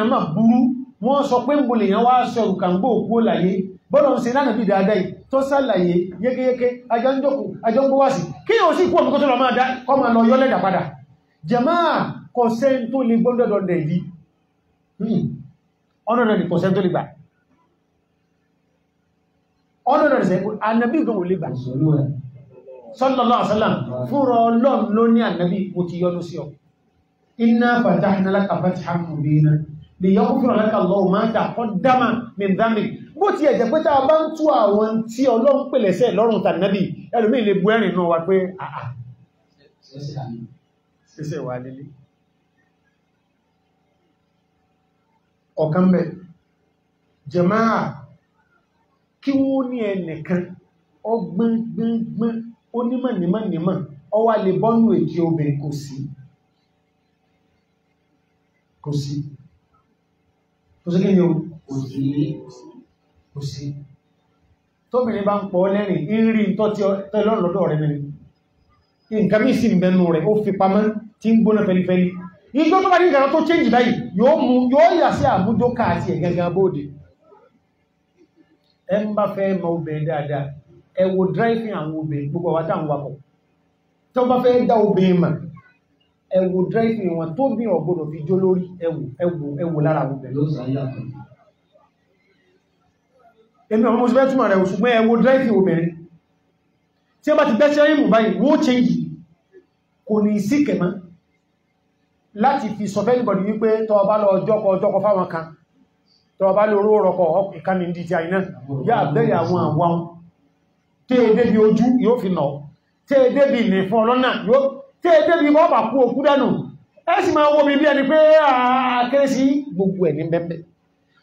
ìnàmà burú wọ́n sọ pé ń bolè yán wá sọ̀rù kàǹgbò òkú òlàyé bọ́lọ̀ ń ṣe lánà bí dáadáa yìí tó sàlàyé yékéyéké ajọ́njọ́kù ajọ́ngbówásì kí yóò sì kú ọmọkọ́ tó lọ máa dá kọ́ máa lọ yọ́lẹ́dà padà jàmáà kọ̀ṣẹ́ tó lè gbọ́dọ̀dọ̀ dẹ̀lí hmm. ọ̀nà ni kọ̀ṣẹ́ tó lè gbà ọ̀nà ni sẹ́kù ànàbí gan ò lè lè yọ́ kúfin ọ̀lẹ́kà lọ́wọ́ máa ń ta kọ́ dáma ní dámì bó ti ẹ̀jẹ̀ pé táa bá ń tú àwọn tí ọlọ́run pèlẹ̀sẹ̀ lọ́rùn tàbí ẹlòmí lè bú ẹ̀rìn náà wà pé àà ṣẹṣẹ̀ wà lílé ọ̀kan bẹ̀ jẹmáà kí wó ní ẹnìkan ọgbẹ́gbẹ́gbẹ́ onímọ̀nímọ̀nímọ̀ ọwà lè bọ́nú èkí obìnrin kò sí kò sí tó sí kí ni ò sí ò sí tóbìnrin bá ń pọ̀ lẹ́rìn ìrì tọ́lọ́n lọ́dọ̀ rẹ̀ mẹ́rin nǹkan mí sí ìbẹnu rẹ̀ ó fi pamọ́ tí ń gbóná fẹ́lifẹ́li igbó tó bá ní ìgbàna tó chéjì báyìí yóò mú yóò yà sí àmújó káàtì ẹ̀gangan bóde ẹ ń bá fẹ́ mọ obìnrin dáadáa ẹ wo dráìfì àwọn obìnrin gbogbo àwọn àtàwọn wakọ̀ tó bá fẹ́ dá obìnrin mọ̀ ẹwù dírẹ́fìn wọn tó bí ọ̀gbọ́dọ̀ fi jó lórí ẹwù ẹwù ẹwù lára àwọn bẹ̀rẹ̀ èmi ọmọ mọ́sílẹ̀ túnmà rẹ̀ ṣùgbọ́n ẹwù dírẹ́fìn obìnrin tí ó bá ti gbẹ́ṣẹ́ ìmù báyìí wó change kò ní sí kẹ̀mọ́ láti fi sọ fẹ́lìbọ̀dì wípé tọ́ ọba lọ ọjọ́kọ ọjọ́kọ fáwọn kan tọ́ ọba lóró rọkọ ìkànnì díjì àìná yà bẹ́rẹ̀ àwọn àwọn tẹ́ ẹdẹ́bí ojú yóò fi nà tẹ́ ẹdẹ́bí ìnìfún ọlọ́nà yóò téèdé bí wọ́n bà kú òkú dánù ẹ sì máa wo mi bí ẹni pé àkérésì gbogbo ẹ̀ ní bẹ́ẹ̀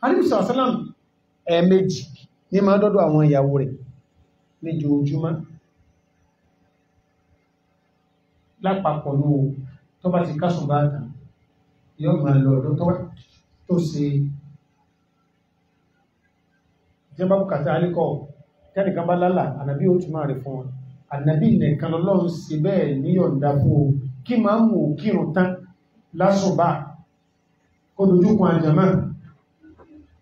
Ànábì sallallahu alaihi wasallam ẹ̀ẹ̀mejì ní máa dọ́dọ̀ àwọn ìyàwó rẹ̀ níjòjúmọ́ lápapọ̀ ní o tó bá ti kásùn bá tàn yóò máa lọ ọ̀dọ́ tó ṣe jẹ́ bá bùkátà alíkọ̀ tẹ́nìkan bá lálà ànàbí ó túnmọ̀ rẹ̀ fún wọn ànábì nìkan lọ́lọ́run sí bẹ́ẹ̀ níyọ̀ǹda fún o kí máa mú o kírun tán lásùbà kó dojúkun àjàmá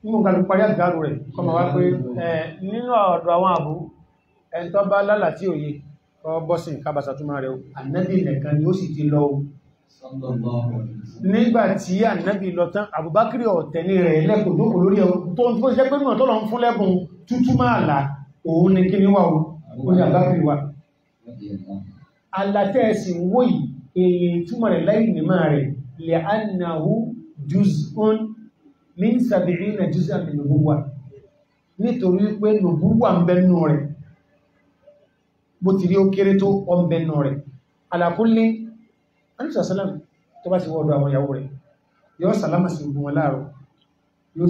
nínú kàlù parí àgbàrù rẹ̀ kọmọ wá pé nínú ọ̀dọ̀ àwọn àbú ẹ̀ntọ́ bá lálà tí òye kọ bọ́sìn kábàsà túnmà rẹ̀ o ànábì nìkan ni ó sì ti lọ o nígbàtí ànábì lọ tán àbúbákírí ọ̀tẹ̀lé rẹ̀ lẹ́kùnjókò lórí ẹ̀ tó ń tó jẹ́ pé òun ni kí ni wà o ó ní àbákírí wa alátẹ́ẹ̀sì wòyí èyí túnmọ̀ rẹ̀ láì nìmá rẹ̀ lè annahu juz'un min sabi'ina juz'an min nubuwa nítorí pé nubuwa ń bẹ nù rẹ̀ bó ti rí ó kéré tó ọ ń bẹ nù rẹ̀ alàkúnlé anúṣà sálámù tó bá ti wọ́dọ̀ àwọn ìyàwó rẹ̀ yóò sálámà sí gbogbo wọn láàrọ̀ yóò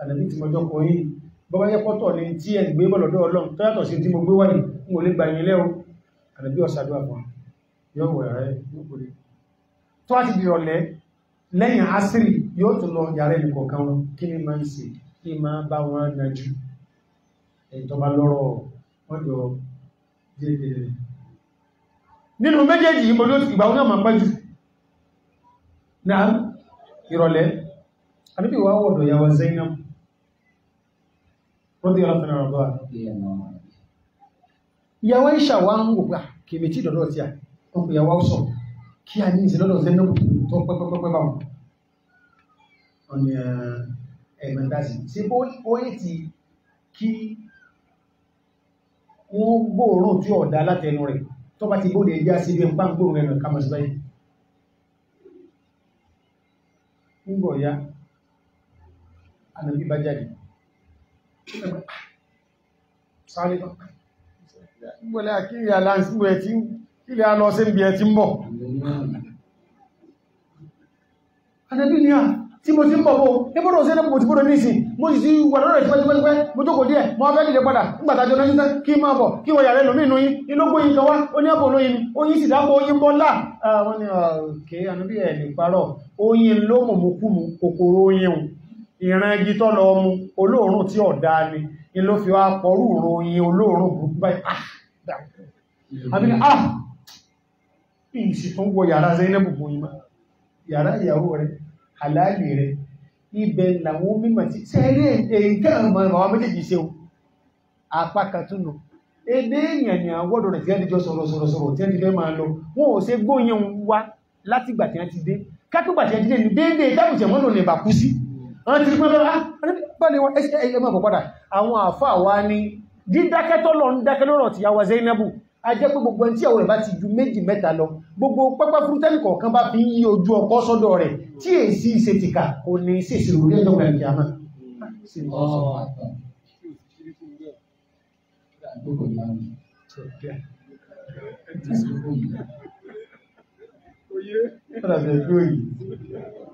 àdàbí ti mọjọ́ kò yìí bọ́bá yẹ pọ́tọ̀ ní tí ẹ̀ gbé bọ̀lọ̀dọ̀ ọlọ́run tó yàtọ̀ sí tí mo gbé wáyìí n ò lè gbà yín lẹ́wọ̀ àdàbí ọ̀sàdó àpọ̀ yóò wẹ̀ rẹ̀ yóò kò lè tó a ti di ọ̀lẹ́ lẹ́yìn asiri yóò ni máa ń ṣe kí máa bá wọn najú ìjọba wa wọ̀dọ̀ yàwó Zainab rọ́bí ọlọ́fẹ́ra ọ̀dọ́ àrùn. ìyàwó ìṣà wa ń wò pé ah, kèmí tí dọ̀dọ̀ tí a wọn pè yàwó sọ kí a ní ìsìn lọ́dọ̀ sí ẹnú tó pẹ́pẹ́pẹ́ bá wọn. ọ̀nà ẹ̀gbọ́n dásì ṣé ó yé ti kí wọ́n gbóòórùn tí ọ̀dà látẹnu rẹ̀ tó bá ti bóde ẹgbẹ́ sí ibi nǹkan gbóòórùn rẹ̀ ya ànàbí sáré lọ gbọ́lẹ̀ àkíyà láńsíwò ẹ̀ tí kílẹ̀ a lọ sí ibi ẹ̀ tí ń bọ̀ ma ni a, tí mo ti ń bọ̀ bó ẹgbọ́dọ̀ sí ị tí bọ́dọ̀ ní mo sì sí wà lọ́rọ̀ ìpẹ́lẹ́pẹ́lẹ́pẹ́ mo mo onye dìde padà nígbàtàjọ lọ́jọ́ onye ìran igi tó lọ mú olóòrùn tí ọ̀dá ni in ló fi wá pọ̀rú ìròyìn olóòrùn burúkú báyìí ah dáadáa àbílẹ̀ ah bí i sì tún wọ yàrá zainabu yìí máa yàrá ìyàwó rẹ̀ aláàlì rẹ̀ ibẹ̀ làwọn mímọ̀ tí sẹ́rẹ̀ èdè àmà àwọn méjèèjì ni àwọn ọ̀dọ̀ rẹ̀ tí wọ́n ti jọ sọ̀rọ̀ sọ̀rọ̀ sọ̀rọ̀ tí wọ́n ti fẹ́ máa lọ wọn ò ṣe gbóyin wá látìgbà tí wọ́n wọ́n ti pẹ́ lọ́wọ́ bẹ́ẹ̀ wọ́n ẹ̀ṣẹ́ ẹ̀yẹ mọ̀ pọ̀pọ̀dà àwọn àfáà wá ní dídákẹ́tọ́ lọ ń dákẹ́ lọ́rọ̀ a jẹ́ pé gbogbo ẹni tí àwọn ìbá ti ju méjì mẹ́ta lọ gbogbo pẹ́pẹ́ fúrútẹ́lì kọ̀ọ̀kan bá fi ń yí ojú ọkọ sọ́dọ̀ rẹ̀ tí èsì ìṣètìkà kò ní sí ìṣirò ní ẹjọ́ ìrìnkì àmà Ọ̀rọ̀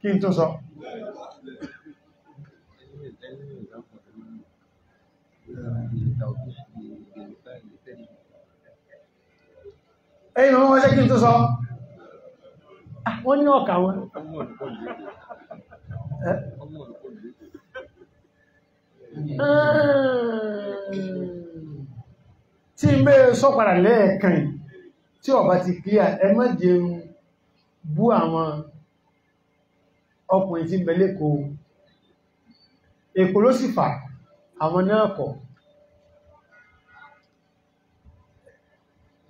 kí n tó sọ ẹ̀yìn wọ́n jẹ́ kí n tó sọ wọ́n ní ọ̀kà wọn tí ń bẹ́ sọ padà lẹ́ẹ̀kan tí ọba ti kíyà ẹmọ́dé bú àwọn ọkùnrin tí mẹ́lẹ́kọ̀ọ́ èkó ló sì fà àwọn náà kọ̀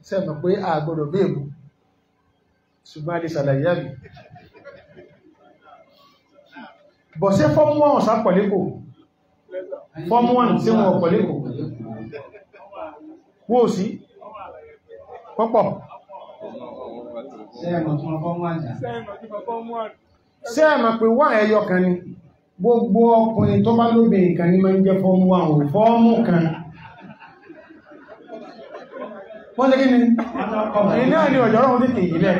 sẹ́mọ̀ pé àgbọ̀dọ̀ bèèmù ṣùgbọ́n adé sàlàyé àmì bọ̀ sí fọ́mù wọn sá pọ̀lẹ́kọ̀ fọ́mù wọn tí wọn pọ̀lẹ́kọ̀ wó sí pọ́pọ̀ sẹ́mọ̀ tí wọn fọ́mù wọn ṣé a pé wà ẹyọ kan ni gbogbo ọkùnrin tó bá lóbìnrin ma ní máa ń jẹ́ kan wọ́n lè kí ni iná ni ọ̀jọ́ ọ̀rọ̀ tètè ìlẹ̀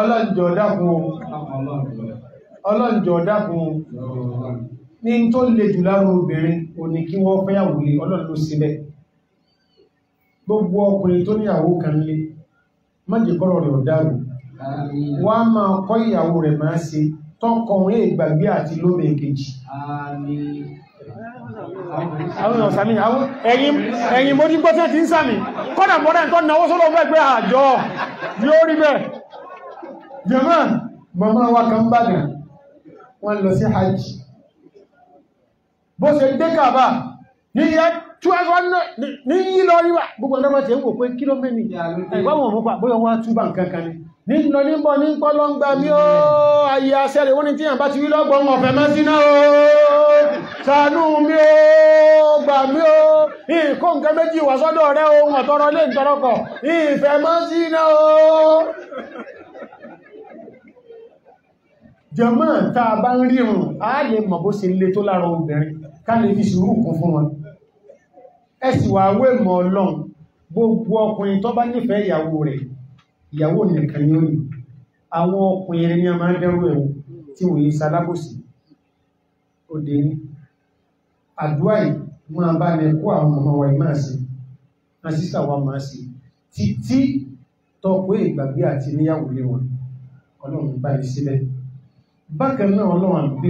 ọlọ́njọ́ dákun ọlọ́njọ́ dákun ní tó lè jù obìnrin ò kí wọ́n fẹ́ síbẹ̀ gbogbo ọkùnrin tó níyàwó kan lé májèkọ́rọ̀ rẹ̀ ọ̀dáàrù wá máa kọ́ ìyàwó rẹ̀ máa ṣe tọ́kọ̀ọ́rẹ́ ìgbàgbé àti lómi èkejì àwọn èèyàn sàmì ẹ̀yìn mójú gbọ́ tí ẹ̀ ti ń sàmì kọ́nà mọ́dá nǹkan náwó sọ́lọ́ fẹ́ pé àjọ yóò rí bẹ́ẹ̀ jẹ́mọ́ màmá wa kan bàgà wọ́n lọ sí hajj bó ṣe dé kàbà ní yẹ́ tí wọ́n kọ́ ní yí lọ rí wà gbogbo ọ̀dọ́ máa ṣe ń wò pé kí ló mẹ́ni ìgbàwọ̀n mú pa bóyá wọ́n á túbà nǹkan kan ni ní lọ ní bọ́ ní pọ́ lọ ń gba mí ó ayé aṣẹ́ rẹ̀ wọ́n ní tíyàn bá ti rí lọ́gbọ̀n ọ̀fẹ́ máa sí náà ó ṣàánú mi ó gbà mí ó ìkó nǹkan méjì wà sọ́dọ̀ rẹ̀ ohun ọ̀tọ́rọ lé ìtọ́rọkọ̀ ìfẹ́ máa sí náà tá a bá ń rírun a lè mọ̀ bó ṣe le tó lára obìnrin ká lè fi sùúrù kún fún wọn ẹsì wà wé mọ́ ọlọ́run gbogbo ọkùnrin tó bá nífẹ̀ẹ́ ìyàwó rẹ̀ ìyàwó nìkan ni ó ní àwọn ọkùnrin rẹ̀ ni a máa ń dẹ́rù ẹ̀wọ̀n tí wọ́n yí salábòsí òde ní àdúrà yìí máa bá ní kó àwọn ọmọ wa máa sí na sísà wa máa sí títí tọ́pọ̀ ìgbàgbé àti níyàwó lé wọn ọlọ́run bá ní sílẹ̀ bákan náà ọlọ́run àbí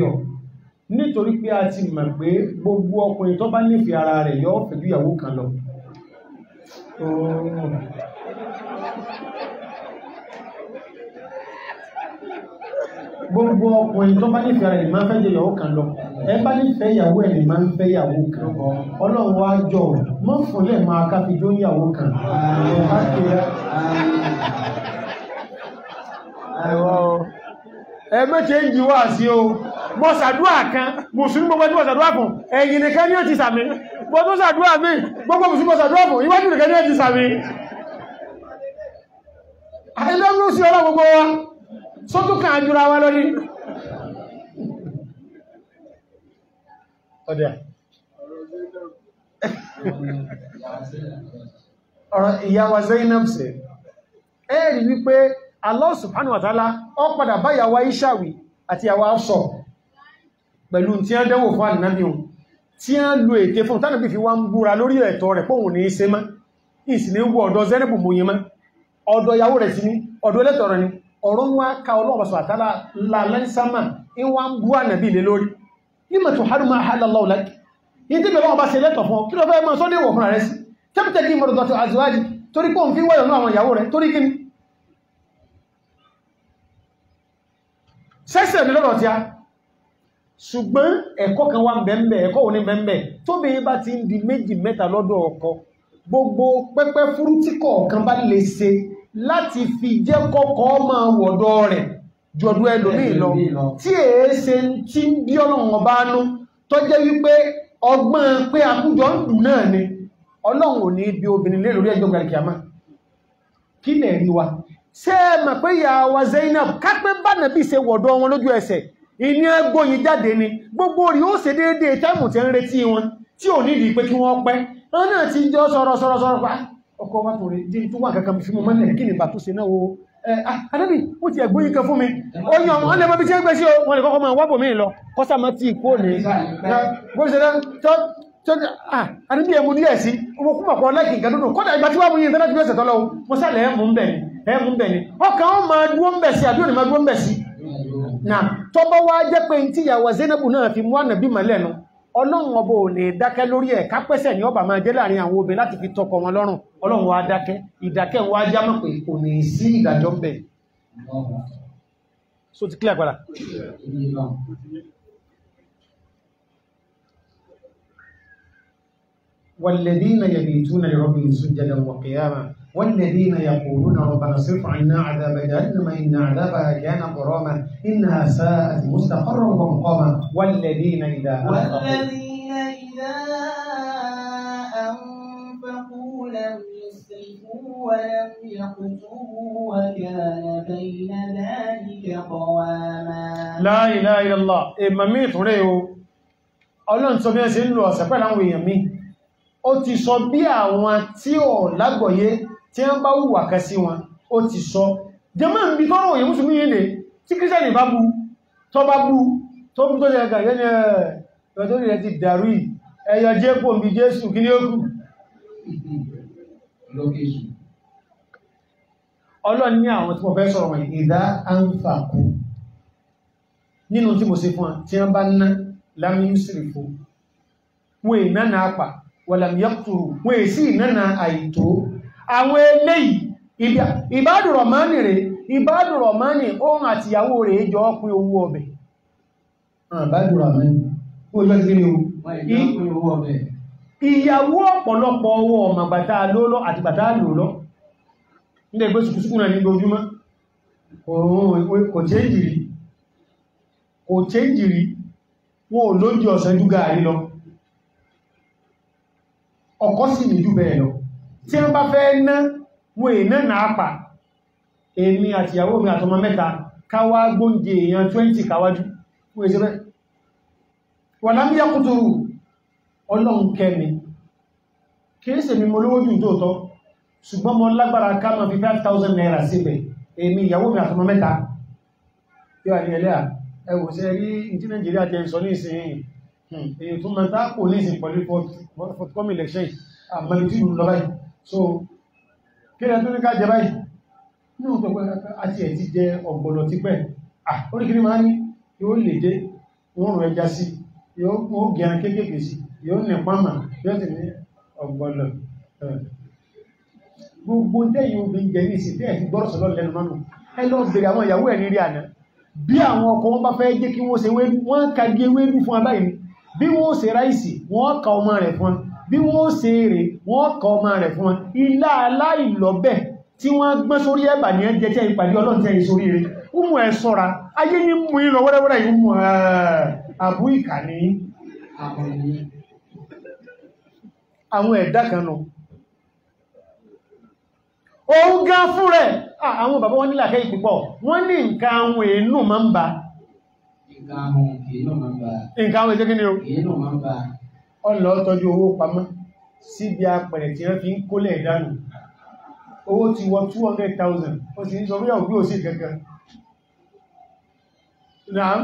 nítorí pé a ti mọ̀ pé gbogbo ọkùnrin tó bá nífẹ̀ẹ́ ara rẹ̀ yóò fẹ́ ju ìyàwó kan lọ gbogbo ọkùnrin tó bá nífẹ̀ẹ́ ara rẹ̀ máa ń fẹ́ jẹ ìyàwó kan lọ ẹ bá nífẹ̀ẹ́ ìyàwó ẹ̀ máa ń fẹ́ ìyàwó kan ọlọ́run wá jọ mọ́ fúnlẹ̀ máa káfíjó ìyàwó kan ẹ mẹ́tẹ̀ẹ́ ń jí wá sí o mo ṣàdúrà kan mùsùlùmí gbogbo ẹni mo ṣàdúrà fún ẹ̀yìn nìkan ni ó ti sàmì mo tún ṣàdúrà mí gbogbo mùsùlùmí mo ṣàdúrà fún iwájú nìkan ni ó ti sàmì àìlọ́rùn sí ọlọ́ gbogbo wa sótúkà àjúra wa lórí ọdẹ ọ̀rọ̀ ìyàwó Zainab sí wípé Allah subhanahu wa ta'ala ó padà báyàwó Aisha wí àti ìyàwó Hafsa pẹ̀lú tí a dẹ́wò fún ànábì ohun tí a lo ète fún tánàbí fi wá ń búra lórí ẹ̀tọ́ rẹ̀ pọ̀hùn ní ṣe mọ́ ìsì ní wọ ọ̀dọ̀ zẹ́rẹ̀bù mú yín mọ́ ọ̀dọ̀ ìyàwó rẹ̀ sí ní ọ̀dọ̀ ẹlẹ́tọ̀ọ̀rọ̀ ni ọ̀rọ̀ ń wá ka ọlọ́ọ̀bà sọ àtàlà lálẹ́sámà ń wá ń bú ànábì lé lórí nímọ̀ tó harú máa hálà lọ́wọ́ láti yìí tí bẹ̀rẹ̀ wọn bá ṣe lẹ́tọ̀ fún ọ kí ló fẹ́ mọ́ sọ́dẹ̀ wọ̀ fúnra rẹ̀ ni lọ́rọ̀ tí a ṣùgbọ́n ẹ̀kọ́ kan wá bẹ̀m̀bẹ̀ ẹ̀kọ́ òní bẹ̀m̀bẹ̀ tó bá ti ń di méjì mẹ́ta ọkọ gbogbo pẹ́pẹ́ fúrútí kọ̀ọ̀kan bá lè ṣe láti fi jẹ́ kọ́kọ́ máa wọ̀dọ̀ rẹ̀ jọ̀dọ̀ ẹlòmíì lọ tí èé ṣe ń bí ọlọ́run ọba nú tó ni ọlọ́run ò ní bí obìnrin lé lórí ẹjọ́ gàríkìámà kí rí wa ṣé ẹ mọ̀ pé ìyá wa Zainab kápẹ́ ìní agbóyin jáde ni gbogbo rí ó ṣe déédéé táìmù tí ń retí wọn tí ò nídìí pé kí wọ́n pẹ́ wọn náà ti jọ sọ̀rọ̀ sọ̀rọ̀ sọ̀rọ̀ pa ọkọ̀ wa tòrè dé tó wà kankan fi mọ́ mọ́lẹ̀ kí ni bà tó ṣe náà o anábì ó ti ẹ̀gbóyin kan fún mi oyin ọmọ ọlẹ́mọ bí tí ń gbé sí o wọn lè kọ́kọ́ mọ́ wábò mí lọ kọ́sà mọ́ tí kò ní àníbí ẹmú díẹ̀ sí owó kúmọ̀ pọ̀ lẹ́kì ìgbàdúnù kọ́dà ìgbà tí wà mú yí ìntánẹ́tì lọ́sẹ̀ tọ́lọ́wọ́ mọ́sálẹ̀ ẹmú ń bẹ̀ ni ọkàn ó máa dúó ń bẹ̀ sí àbí òní máa dúó ń bẹ̀ sí na tó bá wá jẹ́ pé tí ìyàwó Zainabu náà fi mú ànàbí mọ́lẹ́nu ọlọ́run ọba ò lè dákẹ́ lórí ẹ̀ kápẹ́sẹ̀ ní ọba máa jẹ́ láàrin àwọn obìnrin láti fi tọkọ wọn lọ́rùn ọlọ́run wá dákẹ́ ìdákẹ́ wá já mọ̀ pé kò ní sí ìdájọ́ ń bẹ̀ so ti clear padà والذين يبيتون والذين يقولون ربنا اصرف عنا عذاب جهنم إن عذابها كان غراما إنها ساءت مستقرا ومقاما والذين إذا والذين إذا أنفقوا لم يسرفوا ولم يقتروا وكان بين ذلك قواما لا إله إلا الله إما ميت هنا ọlọ́run sọ bí ẹ ṣe ń lo ọ̀sẹ̀ pẹ̀lú èèyàn mi ó ti sọ bí àwọn tí ò lágbọ̀yé tí wọ́n bá wùwà kan sí wọn ó ti sọ jẹmọ́ ń bí tọ́rọ òyìn mùsùlùmí yìí lè tí kírísẹ́nì bá bú tó bá bú tó bú tó jẹ́gà yẹn ẹ̀rọ tó rẹ̀ ti dàrú ẹ̀yọ jẹ́ pò ń bí jésù kí ní ó kù ọlọ́run ní àwọn tí mo fẹ́ sọ̀rọ̀ wọn wọ́n bá ná wọ́n ènánà àpà wọ́n èsì ìnánà àìtó àwọn eléyìí ìbádùrọ̀mọ́nì rẹ̀ ìbádùrọ̀mọ́nì òun àtìyàwó rẹ̀ ah, jọ pín owó ọbẹ̀ ìyàwó ọ̀pọ̀lọpọ̀ owó ọmọ bàtà lólọ́ àti bàtà lòlọ́ ní ẹgbẹ́ sùkúsùkú náà ní gbojúmọ́ kò tẹ́jì rí kò tẹ́jì rí wọ́n ò lójú ọ̀sán jú gààrí lọ ọkọ́ sì ní bẹ́ẹ̀ lọ tí wọ́n bá fẹ́ ná wọn èèyàn náà pa èmi àtìyàwó mi àtọmọ mẹ́ta káwá gbóǹdé èèyàn 20 káwájú wọ́n èsẹ́ bẹ́ẹ̀ wà lámíyà kútùrù ọlọ́run kẹni kéèsè mi mo lówó tóòtọ́ ṣùgbọ́n mo lágbára káàmà fi 5,000 naira síbẹ̀ èmi ìyàwó mi àtọmọ mẹ́ta yóò ní ẹlẹ́à ẹwò sí ẹrí ìdí nàìjíríà tẹ sọ ní ìsìn hmm, èyí tó mẹ́ta kò so kí ẹ tó ní ká jẹ báyìí ní ọ̀tọ̀ pé àti ẹ̀ ti jẹ ọ̀gbọ̀nà ti pẹ́ oríkiri máa ní yóò lè dé wọ́n rọ ẹja sí yóò gẹ̀ẹ́ kéékèèké sí yóò nẹ̀ pàmà yóò ti ní ọ̀gbọ̀nà gbogbo dẹ́yìn obìnrin jẹ ní ìsìn tẹ́ẹ̀ fi gbọ́rọ̀ sọ́lọ́ lẹ́nu mọ́nù ẹ lọ bèèrè àwọn ìyàwó ẹ̀ nírí bí àwọn ọkọ wọn bá fẹ́ jẹ́ kí wọ́n ṣe wọ́n ka gé wédú fún abáyìí bí wọ́n ṣe ráìsì wọ́n ka ọmọ rẹ̀ fún bí wọ́n ṣe rè wọ́n kọ ọmọ rẹ̀ fún wọn ilá aláìlọ́bẹ̀ tí wọ́n gbọ́n sórí ẹ̀bà ní ẹjẹ́ tẹ́ ìpàdé ọlọ́run tẹ́ ìsorí rẹ̀ umu ẹ̀ sọ́ra ayé ní mú ìlọ wẹ́rẹ́wẹ́rẹ́ yìí mú àbú ìkà ní àwọn ẹ̀dá kan nù òun gan fún rẹ̀ àwọn bàbá wọn nílàkẹ́ ìpìpọ̀ wọ́n ní nǹkan àwọn èèyàn máa ń ba nǹkan àwọn èèyàn máa ń ọlọ́ tọ́jú owó pamọ́ síbi apẹ̀rẹ̀ tí wọ́n fi ń kólẹ̀ ìdánù owó ti wọ 200,000 ó sì ń sọ fíyàwó bí ó sì gẹ́gẹ́ náà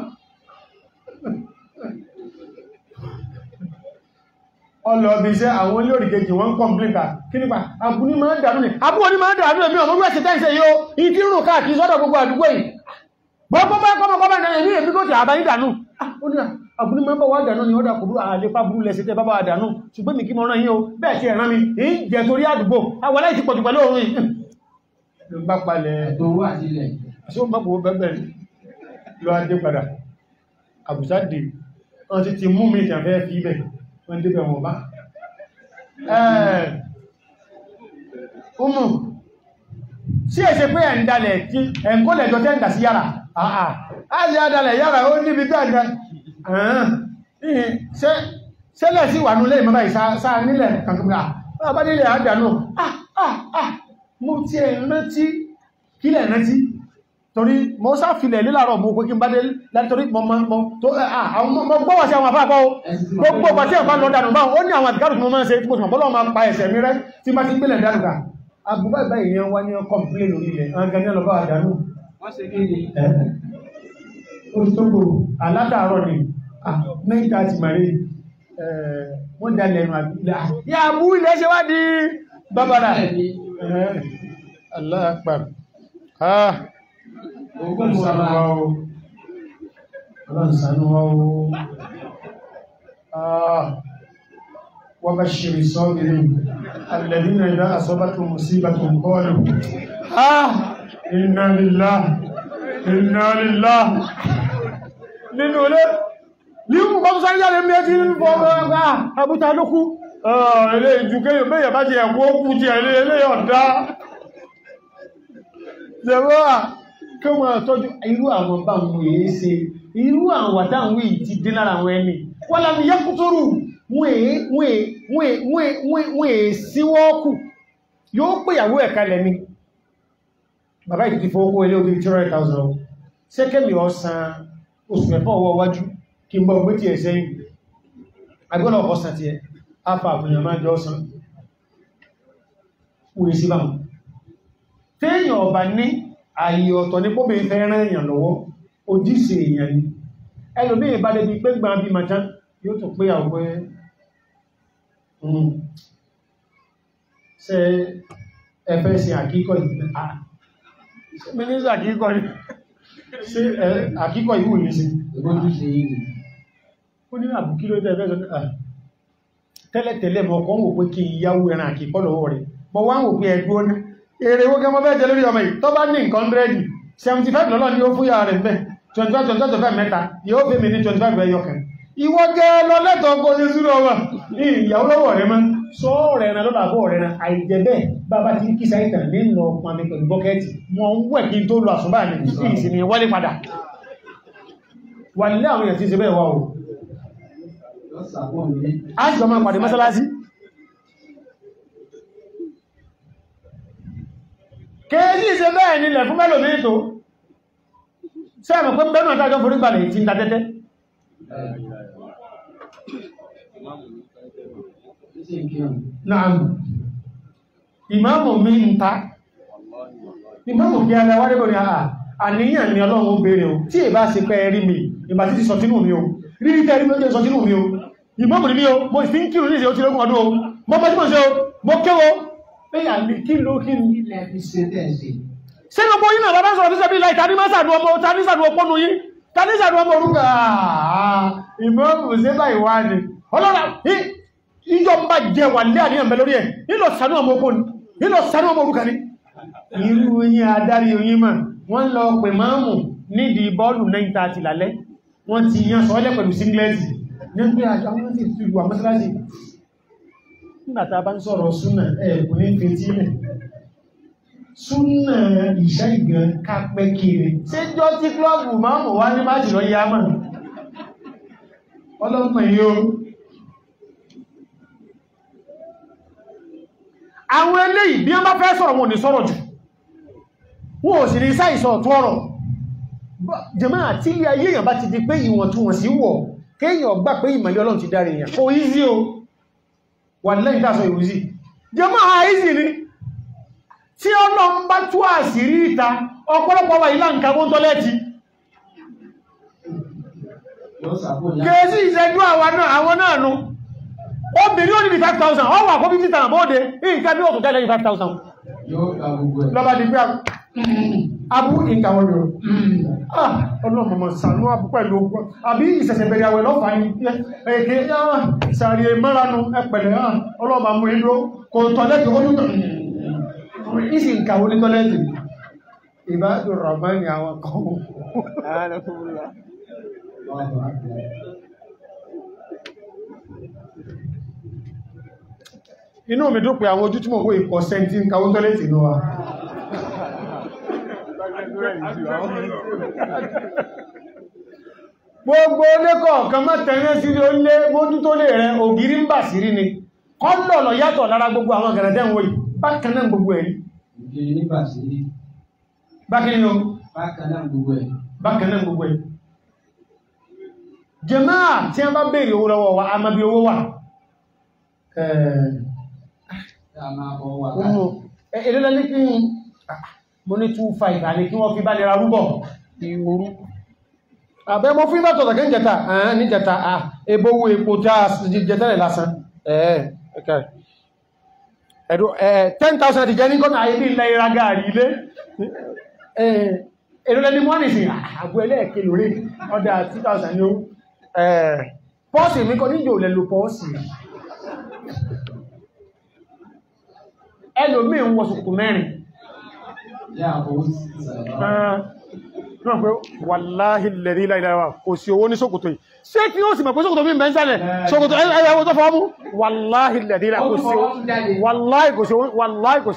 ọlọ́bí iṣẹ́ àwọn ilé òrìkejì wọ́n ń kọ́m̀plíkà kí nípa àbúní máa ń dànù ní àbúwọ́ ní máa ń dànù ní ọmọ gbẹ́sẹ̀ tẹ́ǹsẹ̀ yóò ìtírùn káàkiri sọ́dọ̀ gbogbo àdúgbò yìí bọ́gbọ́n bá kọ́mọ kọ́mọ ìdáná èmi èmi kò tí àbá yín dànù ah, ó ní àbúrú máa ń bọ̀ wá dànù ni ọ̀dà kò rú àlefa burú lẹ́sẹ̀ tẹ́ bábá dànù ṣùgbọ́n mi kí mo rán yín o bẹ́ẹ̀ ti ẹ̀rán mi ń jẹ torí àdúgbò àwọn aláì ti pọ̀jù pẹ̀lú òun yìí. ló ń bá palẹ̀ owó àtìlẹ̀. àṣé ó má bò ó bẹ́ẹ̀ lọ adé padà àbùsá dè wọn ti ti mú mi ìjàfẹ́ fi ibẹ̀ wọn dé bẹ̀ wọn bá. ọmọ sí èsè pé ẹ̀ ń dalẹ̀ ẹ̀ńkọ́lẹ̀ jọ tẹ́ ń dà sí yàrá àyà ah, ah. adalẹ̀ yára ó níbi gbẹ̀gbẹ̀ sẹ́lẹ̀ sí wà nílé ìmọ́bà ìsáà nílẹ̀ kàtùkà ah, bá nílẹ̀ àgbànú mo ti ẹ̀ rántí kílẹ̀ rántí torí mọ́ sáfilẹ̀ nílàrọ̀ mú kó kí n bá dé látorí mọ́gbọ́wọ̀sí eh, àwọn afáàpá o gbogbo ọgbà tí ẹ̀fà lọ́dà nùbá ó ní àwọn àtìkárù tí mo máa ń ṣe tí mo sì mọ̀bọ́lọ́ máa pa ẹ̀sẹ̀ mi rẹ́ tí bá ti gbélẹ̀ dárùgbà àbúgbà ìbáyìí ni wọ́n ní ọkọ̀ wọ́n ṣe kí ni. oṣù aládàárọ̀ ni mẹ́ta ti mọ̀rí wọ́n dá lẹ́nu àbílá. yà á ṣe wá di bàbàrà. Allah akbar. Ogún ah. sanu wa o. Ọlọ́run sanu wa o. وبشر الصابرين الذين إذا أصابتهم مصيبة قالوا آه iná lílá iná lílá nínú ilé níwọ̀n bọ́ sáré jáde mẹ́ tí ń bọ́ ọgbà àbúta lókú ilé ìdúkéyò mẹ́yẹ̀ bá ti ẹ̀kú ókú ti ẹ̀lẹ́ ilé ọ̀dá jẹ̀rọ à kí wọ́n tọ́jú irú àwọn bá ń wèé ṣe irú àwọn àdáhùn ìdí dé lára àwọn ẹni wọ́n lámi yẹ́kútórù wọ́n èé síwọ́ọ̀kù yóò pèyàwó ẹ̀kalẹ̀ ni bàbá ìdí fowókó ilé obi two hundred thousand ṣé kémi ọ̀sán oṣù mẹ́fọ́ ọwọ́ wájú kí n bọ́ gbé tiẹ̀ sẹ́yìn àgbọ́nà ọ̀sán tiẹ̀ afa àfihàn máa jọ ọ̀sán òye sí báwọn téèyàn ọba ní ààyè ọ̀tọ̀ ní pómi fẹ́ rán èèyàn lọ́wọ́ ojúṣe èèyàn ni ẹlòmíì bá débi pé gbà bí màtá yóò tó pé àwọn hmm, ẹ ṣe ẹfẹ́ sin àkíkọ̀ ìgbà mínísà àkíkọ̀ ní ṣe àkíkọ̀ ìwò ní sí ó ní àbù kí ló tẹ́ fẹ́ sọ́nà tẹ́lẹ̀tẹ́lẹ̀ mọ́ kọ́ wò pé kí ìyáwó ẹran àkíkọ̀ lọ́wọ́ rẹ̀ mọ́ wá wò pé ẹgbó ní èrè owó gẹ́mọ́ bẹ́ẹ̀ tẹ́lórí ọmọ yìí tó bá ní nǹkan rẹ́dì 75 lọ́lọ́ 25 25 mẹ́ta yóò fẹ́ mi ní 25 ẹyọkàn ìwọ gẹ́ lọ lẹ́tọ̀ọ́ kó ṣe súrọ̀ wà ní ìyàwó lọ́wọ́ rẹ̀ mọ́ sọ́ọ̀rẹ̀ ẹran lọ́lọ́ àbọ̀ rẹ̀ ẹran àìjẹ́ bẹ́ẹ̀ bàbá ti kí sáyẹ̀tà ní lọ pàmì pẹ̀lú bọ́kẹ́ẹ̀tì wọ́n ń wẹ̀ kí n tó lọ àsùnbà ní ìsinmi wálé padà wà nílé àwọn èèyàn ti ṣe bẹ́ẹ̀ wá o a jọ máa pàdé mọ́sálásí kéèjì ṣe bẹ́ẹ̀ nílẹ̀ fún mẹ́lò mẹ́tò sẹ́ẹ̀mù pé bẹ́ẹ̀ náà tájọ́ forí gbalẹ̀ ti ń ta tẹ́tẹ́ Naam ìmáàmù mi ń ta ìmáàmù bí ara wá débò ní àà àníyàn ni ọlọ́run bèèrè o tí èbá ṣe pẹ́ rí mi ìbá títí sọtínú mi o rírí tẹ́ rí mẹ́jọ sọtínú mi o ìmáàmù ni mi o mo sì ń kírun ní ìṣe ó ti lókun ọdún o mo bá tímọ̀ ṣe o mo kéwo pé àmì kí ló kí ni. ṣé gbogbo yín náà bàbá sọ̀rọ̀ fíṣẹ́ bí láì tani má sàdùn ọmọ tani sàdùn ọpọ́ nu yín tani sàdùn ọmọ orúkọ ìmáàmù ṣe báyìí wá ni ọlọ́run ìjọba jẹ wà lé àníyàn bẹ lórí ẹ̀ nílò sànú ọmọ ogun nínú sáré ọmọ orúkà ní irú yín adarí oyin mà wọ́n lọ pè máàmù nídìí bọ́ọ̀lù 9:30 lálẹ́ wọ́n ti yan sọ́ọ́lẹ̀ pẹ̀lú singlẹ́sì ní pé àwọn ti ti wà mọ́sálásì nígbàtà bá ń sọ̀rọ̀ súnà ẹ̀kùn ní fètílẹ̀ súnà ìṣẹ́ ìgbẹ̀n kápẹ́ kiri ṣe jọ tí klọ́ọ̀bù máàmù wá ní májìlọ yá mọ̀ ọlọ́pàá yóò àwọn eléyìí bí wọ́n bá fẹ́ sọ̀rọ̀ wọn ò ní sọ̀rọ̀ jù wọ́n ò sì ní sáìsọ̀ tó ọ̀rọ̀ jẹ́mọ́ àti ilé ayé èèyàn bá ti di pé ìwọ̀ntúnwọ̀nsí wọ̀ kéèyàn gbà pé ìmọ̀lẹ́ ọlọ́run ti dáre èèyàn kò ízí o wà lẹ́yìn dáṣọ ìrúzí jẹ́mọ́ àìzì ni tí ọlọ́run bá tú àṣírí ìta ọ̀pọ̀lọpọ̀ wà ilá nǹkan mọ́ tọ́lẹ́tì kèésì ìṣẹ́jú àwọn náà nu obìnrin ó ní bí 5,000 ọwọ́ àkọ́ 50,000 bóde nǹkan bí òkùnkà lẹ́yìn 5,000 lọ́bá di gbé *laughs* abú ìkàwọn yóò hmm. ah, ọlọ́mọmọ sànú abú pẹ̀lú ogun àbí ìṣẹ̀ṣẹ̀ bẹ̀rẹ̀ àwẹ̀ lọ́fà ní ẹ̀kẹ́ ah, ìsàrí mọ́ránú ẹpẹ̀lẹ̀ ah, ọlọ́mọ mú ìlú kò tọ́lẹ́tì ó tún ìsì ìkàwọn ní tọ́lẹ́tì ìbádùn rọ̀mọ́ ni àwọn kan inú mi dúpẹ́ àwọn ojú tí mo wé ìkọ̀ sẹ́ntí ń kawó tọ́lẹ̀tì ní wa gbogbo olékọ̀ kan má tẹ̀rẹ́ sí ló lé mójú tó lè rẹ ògiri ń bà sí rí ni yàtọ̀ lára gbogbo àwọn gẹ̀rẹ̀dẹ́ wọ̀nyí bákan náà gbogbo ẹ̀rí bákan náà gbogbo ẹ̀rí jẹ́máà tí a bá bèèrè owó lọ́wọ́ wa a má bí owó ọmọ èlé lẹ́lé kí n ah, mo ní two five àní kí wọ́n fi bá nira rúbọ̀ ìwòrú àbẹ́ mo fún ìbátọ̀ tàkẹ́ ìjẹta àán ní jẹta à ebówó epo já jẹta rẹ̀ lásán ẹ̀ẹ́dù ten thousand ti jẹ́ ní kọ́nà ayé ní ilẹ̀ ìra gààrí ilé èlé lẹ́ni mọ́nì sí àgbo ẹlẹ́ẹ̀kẹ́ lórí ọdá two thousand ní ó pọ́ọ̀sì mi kọ́ níjò lẹ́lò pọ́ọ̀sì ẹlòmí ń wọ sùkùkù mẹ́rin náà pé wàláhì lẹ́rí láìláwà kò sí owó ní ṣòkòtò yìí ṣé kí ó sì mọ̀ pé ṣòkòtò mi ń bẹ́ńsẹ̀lẹ̀ ṣòkòtò eh, ẹyàwó tó fọ́mú wàláhì lẹ́rí wàláhì kò sí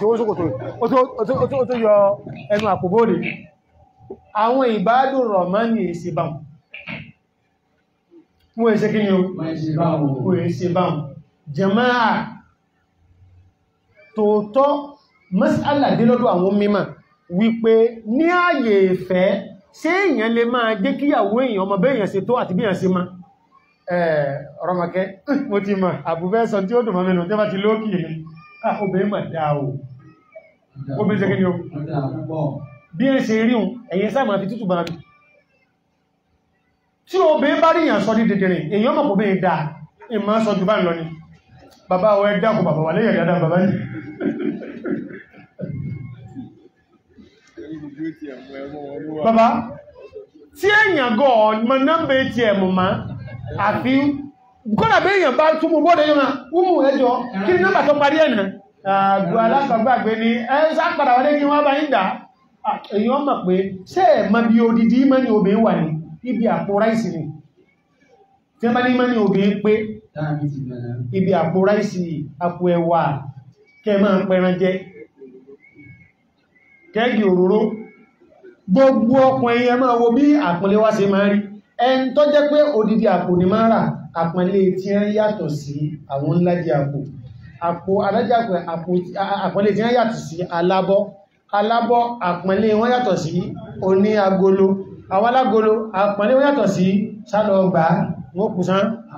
owó ṣòkòtò yìí ó tó yọ ẹnu àpòbóòlì àwọn ìbádùn rọ̀mọ́nì ìsìbàmù mú èsẹ́ kí ni ó jẹ́máà tòótọ́ mas'ala dé lọ́dọ̀ àwọn mímọ̀ wípé ní ààyè ìfẹ́ ṣé èèyàn lè máa jẹ́ kíyàwó èèyàn ọmọ bẹ́ẹ̀yàn ṣe tó àti bíyàn ṣe ma ọ̀rọ̀mọ̀kẹ́ hm, mo ti mọ̀ àbúfẹ́sọ tí ó dùn mọ́mẹ́nu tí ó bá ti lókì ní ah, obìnrin mà dáa o obìnrin ṣe kí ni o bí ẹ ṣe ríun ẹ̀yẹ sáà máa fi tútù bá mi tí obìnrin bá ríyàn sọ ní dẹ̀dẹ̀rẹ̀ èèyàn mọ̀ kò bẹ́ẹ̀ dáa ìmọ̀ sọ jù bá ń lọ ni bàbá àwọn ẹgbẹ́ àkọ́ bàbá wà lẹ́yìn ẹ̀rí adá bàbá yìí bàbá tí èyàn gọ́ ọmọ nọ́mbà atm ma àfi kọ́nà bí èyàn bá túnmù bọ́ọ̀dẹ̀ yóò náà wúmù ẹjọ́ kí ní nọ́mbà tó parí ẹ̀nà àgbà alákọ̀ọ́gbàgbé ni ẹ sápadà wọlé kí wọ́n bá ń dà èyàn mọ̀ pé ṣé ẹ̀ mọ bí odidi mọ́ ní obìnrin wà ní ibi àpò ráìsì ni tí wọ́n bá ní mọ́ ní obìnrin pé ibi àpò ráìsì àpò ẹwà kẹ máa ń pẹran jẹ kẹ́gì òróró gbogbo ọkùn ẹ̀yẹ máa wo bí àpínlẹ̀ wá ṣe máa rí ẹn tó jẹ́ pé odidi àpò ní máa rà àpínlẹ̀ tí ń yàtọ̀ sí àwọn ńlájí àpò àpò alájàpẹ̀ àpínlẹ̀ tí ń yàtọ̀ sí alábọ́ alábọ́ àpínlẹ̀ wọ́n yàtọ̀ sí oní agolo àwọn alágolo àpínlẹ̀ wọ́n yàtọ̀ sí sálọgbà wọ́n kùsán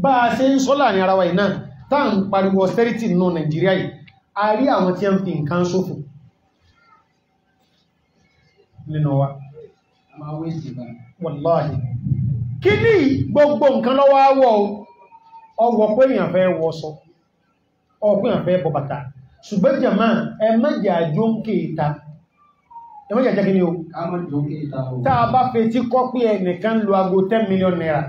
bá a ṣe ń sọ́là ní ara wa ìná táà ń pariwo austerity yìí a rí àwọn tí a ń fi nǹkan nínú wa kí ní gbogbo nǹkan lọ́wọ́ àwọ̀ ọwọ̀ pé èèyàn fẹ́ sọ fẹ́ bọ̀bàtà ṣùgbọ́n ẹ mẹ́jẹ̀ ń kéèta ẹ mẹ́jẹ̀ kí ni o ta kọ́ pé lu ago 10 million naira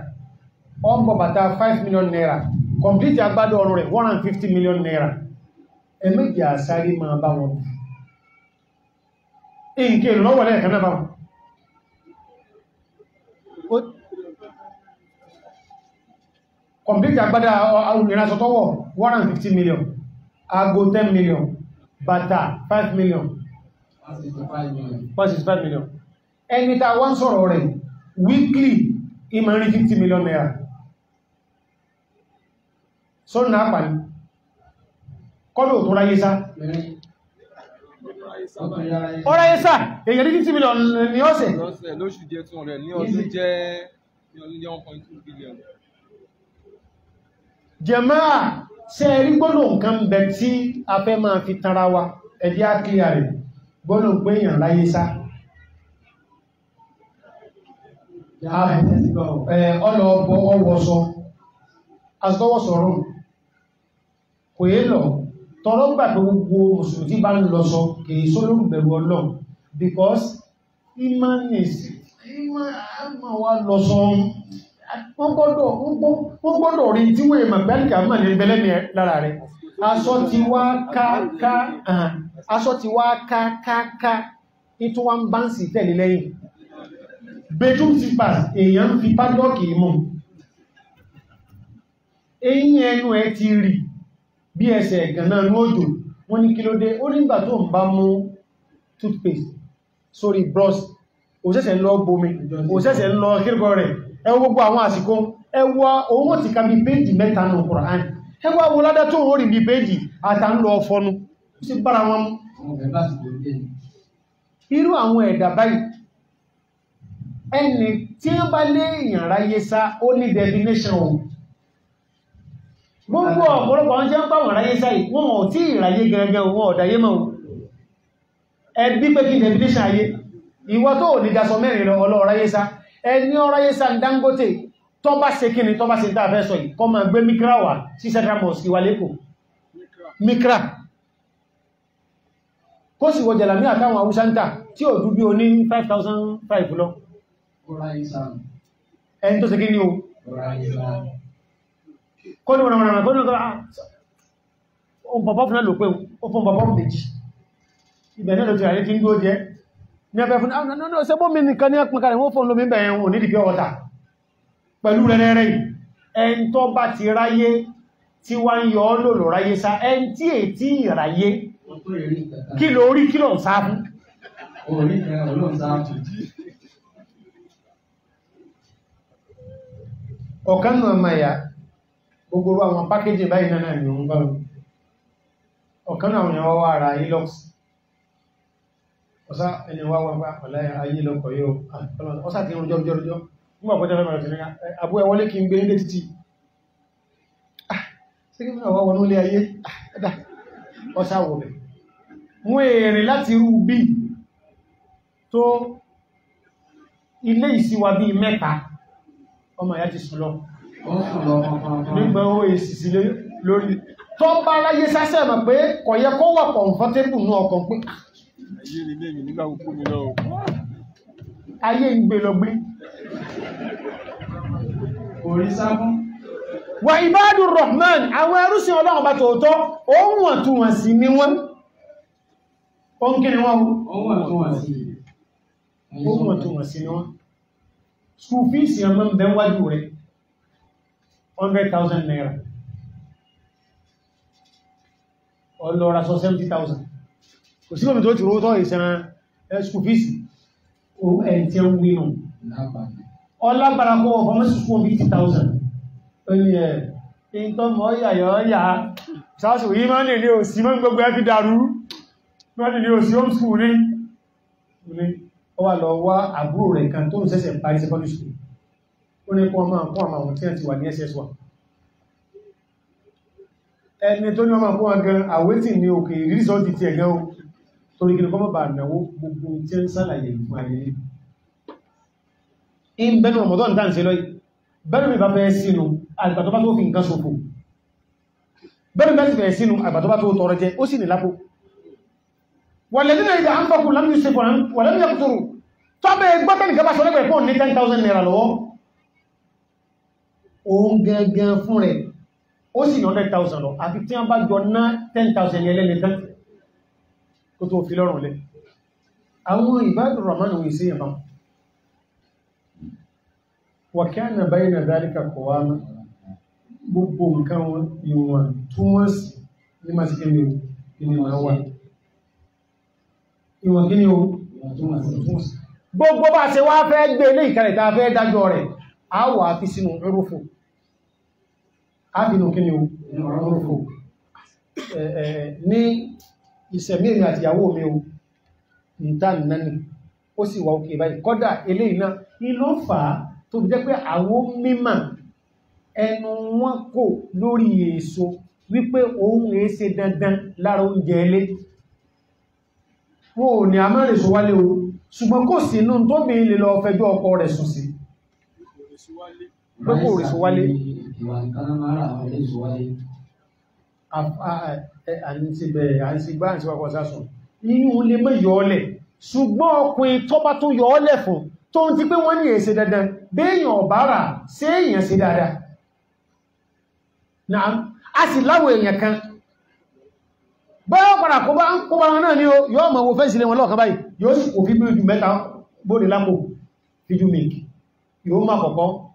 ọmọ bàtà 5 million naira complete agbádọ́ One and fifty million naira ẹ̀mẹ́jì àsárí máa bá wọn ìǹkè lọ́wọ́ lẹ́ẹ̀kan náà bá wọn complete agbádá one and fifty million ago ten million Bata five million is five million ẹni ta wọ́n sọ̀rọ̀ rẹ̀ weekly ìmọ̀ rí fifty million naira sọ́nà àpàlì kọ́lù tó ráyé sá ọ̀rọ̀ yẹ sá èyẹ dídí tí mílíọ̀n ní ọ̀sẹ̀ lóṣù jẹ́ tún rẹ̀ ní ọdún jẹ́ 1.2 billion jẹmáà ṣe rí gbọ́nà nǹkan bẹ tí a fẹ́ máa fi tara wa ẹ̀dí àkíyà rẹ̀ gbọ́nà pé èèyàn ráyé sá ọlọ́ọ̀bọ̀ ọwọ́sọ asọ́wọ́sọ̀rọ̀ kò yé lọ tọrọ gbà pé gbogbo mùsùlùmí tí bá ń lọ sọ kìí sóló bẹ̀rù ọlọ́run because imanis ima wa lọ sọ wọ́n gbọ́dọ̀ rí tí wọ́n èèmọ̀ gbẹ́lìkà mọ̀ ní bẹ́lẹ́mì lára rẹ̀ aṣọ ti wá káàká aṣọ ti wá káàká ní tó wá ń bá ń sì tẹ̀lé lẹ́yìn bedroom slippers èèyàn fi padlock ìmọ̀ èyí ẹnu ẹ ti rí bí ẹsẹ̀ ẹ̀gànnà ní òjò wọ́n ní kí ló dé ó nígbà tó ń bá mú toothpaste sorry, brush òṣẹ́sẹ̀ ń lọ bomi òṣẹ́sẹ̀ ń lọ kíríkọ rẹ̀ ẹwọ gbogbo àwọn àsìkò ẹwọ owó ti ka bí péjì mẹ́ta nù Qur'an ẹwọ awolada tó ń rí bí péjì àtàlọ ọfọnu ó sì bára wọn irú àwọn ẹ̀dà báyìí ẹni tí wọ́n bá definition gbogbo ọ̀pọ̀lọpọ̀ àwọn tí wọ́n pàwọn ráyé sáì wọ́n ò tí ìráyé gẹ́gẹ́ wọn ọ̀dáyé mọ̀ ẹbí pé kí definition ayé ìwọ tó ò ní dasọ mẹ́rin lọ ọlọ́ọ̀ráyé sá ẹni ọ̀ráyé sá ń Dangote tó bá ṣe kí ni tó bá ṣe tá a fẹ́ sọ yìí kọ́ máa gbé mikra wà sí central mosque wà lẹ́kọ̀ọ́ mikra kó sì wọ jẹ̀lámí àtàwọn haúsá ń tà tí ò dúbí oní 5,500 lọ ẹni tó ṣe kọ́ ní wọ̀nàwọ̀nà ah, fún ọ̀nà ọ̀pọ̀pọ̀ fún àlòpẹ́ ọ̀pọ̀pọ̀ méjì ibẹ̀ náà lọ́tí àrífín gbó jẹ́ ní ẹgbẹ́ fún ọ̀nà ṣẹ́bọ́ mi nìkan ní ẹkùn kàrẹ̀ wọ́n fún lómi bẹ̀rẹ̀ wọn ní ìdìbí ọ̀ta pẹ̀lú rẹ̀rẹ̀ ẹn tó bá ti ráyé tí wá ń yọ lòlò ráyé sá ẹn tí è tí ìráyé kí ló rí kí ló ń ọ̀kan náà máa gbogbo àwọn pákéjì báyìí náà ni òun bá wọn ọ̀kan náà ni wọ́n wá ara ilox ọ̀sá ẹni wá wọn bá ọ̀lá ayé lọ́kọ̀ yóò ọ̀sá ti rún jọrọjọrọjọ nígbà pẹ́jọ fẹ́ mẹ́rin abú ẹ wọlé kí n gbé ní títí sí kí wọ́n wọ́n lé ayé ọ̀sá wọ̀ ọmọ ìyá ti sùn lọ́wọ́ nígbà owó èsì sílé lórí tó ń bá láyé sásẹ̀ mọ̀ pé kò yẹ kó wà kọ̀ǹfọ́tébù nù ọkàn pé. Ah, ayé ilé mi nígbà òkú mi náà o. ayé ń gbé lọ gbé. orí sábọ́n. wà ìbádùn rahman àwọn ẹrúsìn ọlọ́run bá tòótọ́ òun wọ̀ntúnwọ̀nsì ni wọ́n. ó ń kíni wọ́n o. òun wọ̀ntúnwọ̀nsì. òun wọ̀ntúnwọ̀nsì ni wọ́n. sùfíìsì ọmọ ń bẹ wájú rẹ̀ hundred thousand naira ọlọ́ra sọ seventy thousand kò sí òmìnira tí ó tọ́ ìsan ẹ̀ṣùfíìsì ẹ̀ǹtí ń wí nù ọlágbára kó ọkọ̀ mọ́sí school fifty thousand ẹni ẹ̀ ìntọ́ mọ́ yàyọ̀ yà sáàsù yìí máa nílé òsì mọ́ gbogbo ẹ́ fi dàrú máa nílé òsì home school ní ọwà lọ wá àbúrò rẹ̀ kan tó ń ṣẹ̀ṣẹ̀ parí secondary school ní kọ́ máa kọ́ àmà àwọn tí wọ́n ti wà ní ss1 ẹni tó ní ọmọ kọ́ wọn gan àwẹ́tì ní òkè ìrísọ́ọ̀tì ti ẹ̀gẹ́ o torí kí ni kọ́mọ̀ bá náwó gbogbo tí ń sálàyé fún ayẹyẹ in bẹ́nu ọmọdọ́ ní dáǹsẹ́ lọ́yí bẹ́nu mi bá fẹ́ sínú àgbàtọ́bá tó fi nǹkan ṣòfò bẹ́nu bẹ́ fẹ́ sínú àgbàtọ́bá tó tọrọ jẹ ó sì ní lápò wàlẹ́dínà ìdá àǹfàkù lámìí sẹ́fọ̀n wàlẹ́dínà kùtùrù tọ́bẹ̀ gbọ́tẹ̀ nìkan bá sọ lẹ́gbẹ̀ẹ́ pọ̀ ní 10,000 naira lọ́wọ́ òun gangan fún rẹ̀ ó sì ní 100,000 lọ àfi tí wọ́n bá jọ ná 10,000 yẹn lẹ́nu tán kó tó fi lọ́rùn lẹ̀ àwọn ìbádùn ramanu ìsí ìmọ̀ wà kí á nà báyìí nà dáríkà kọ̀ wá gbogbo nǹkan ìwọ̀n túnwọ́n ní máa ti kí ni o wà ìwọ̀n kí ni o gbogbo bá ṣe wá fẹ́ gbé ilé ìkàrẹ̀ fẹ́ dájọ́ rẹ̀ a wà fi sínú ẹrùfò ábìnú kí ni o rúrùfò ní ìṣẹ̀mí àti ìyàwó mi o nta nani ó sì wà òkè báyìí kọ́dà eléyìí náà iló fà á tó jẹ́ pé àwọn mímà ẹnu wọn kò lórí èso wípé ohun èése dandan lára oúnjẹ ilé wọn ò ní amẹ́rẹ̀sọ wálé o ṣùgbọ́n kò sí inú tó bí ilé lọ fẹjọ́ ọkọ rẹ̀ sùn sí pé kò rí sọ wálé àníṣebẹ̀ àníṣegbá àti wàkọ̀ sásùn inú lè mọ́ yọ́ọ̀lẹ̀ ṣùgbọ́n ọkùnrin tọ́bá tó yọ́ọ̀lẹ̀ fún tó ń ti pé wọ́n ní èsè dandan béèyàn ọ̀bára sí èèyàn sí dáadáa náà a sì láwọ èèyàn kan bọ́ọ̀ padà kó bá ń kó bá wọn náà ní yóò mọ̀ wo fẹ́ǹsì lé wọn lọ́ọ̀kan báyìí yóò sì kò fi bí ju mẹ́ta bóde lápò fi ju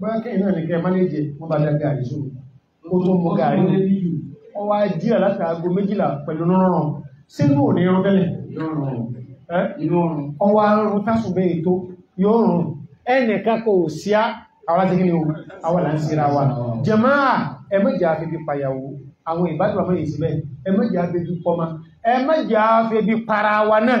bọ́yá kẹ́yìn náà ní kẹ́ mánéjì wọ́n bá dágbà àrísù ó tó mọ́ gàrí ó wá díẹ̀ láti aago méjìlá pẹ̀lú rọrùn sínú òní irun tẹ́lẹ̀ ọwá rọrùn tásùgbẹ́ ètò yóò rùn ẹnìkan kò sí àwọn láti gíní àwọn là ń síra wa jàmáà ẹmẹ́jà afẹ́bí payàwó àwọn ìbádùn àmọ́ ìsìnbẹ̀ ẹmẹ́jà afẹ́bí pọmá ẹmẹ́jà afẹ́bí para wa náà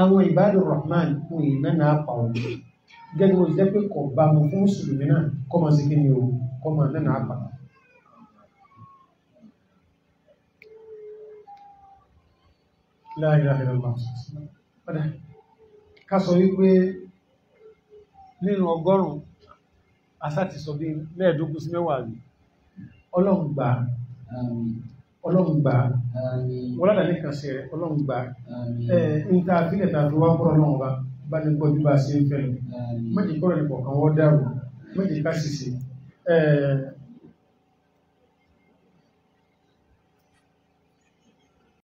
àwọn ìbádùn rahman fún iná náà pa wọn gẹ́gẹ́ bó jẹ́ pé kò bá mu fún mùsùlùmí náà kọ́ máa sí kí ni o kọ́ máa náà náà pa la ilaha illallah padà ká sọ wípé nínú ọgọ́rùn-ún asá ti sọ bí ọlọ́ngbà wọ́lọ́dà ní kan sí rẹ̀ ọlọ́ngbà níta àfihàn tàbí wá kúrọ̀ náà wá bá ní gbọ́jú bá sí ń fẹ́ lọ méjì kọ́rọ̀ ní kọ̀ọ̀kan wọ́n dàrú méjì ká sì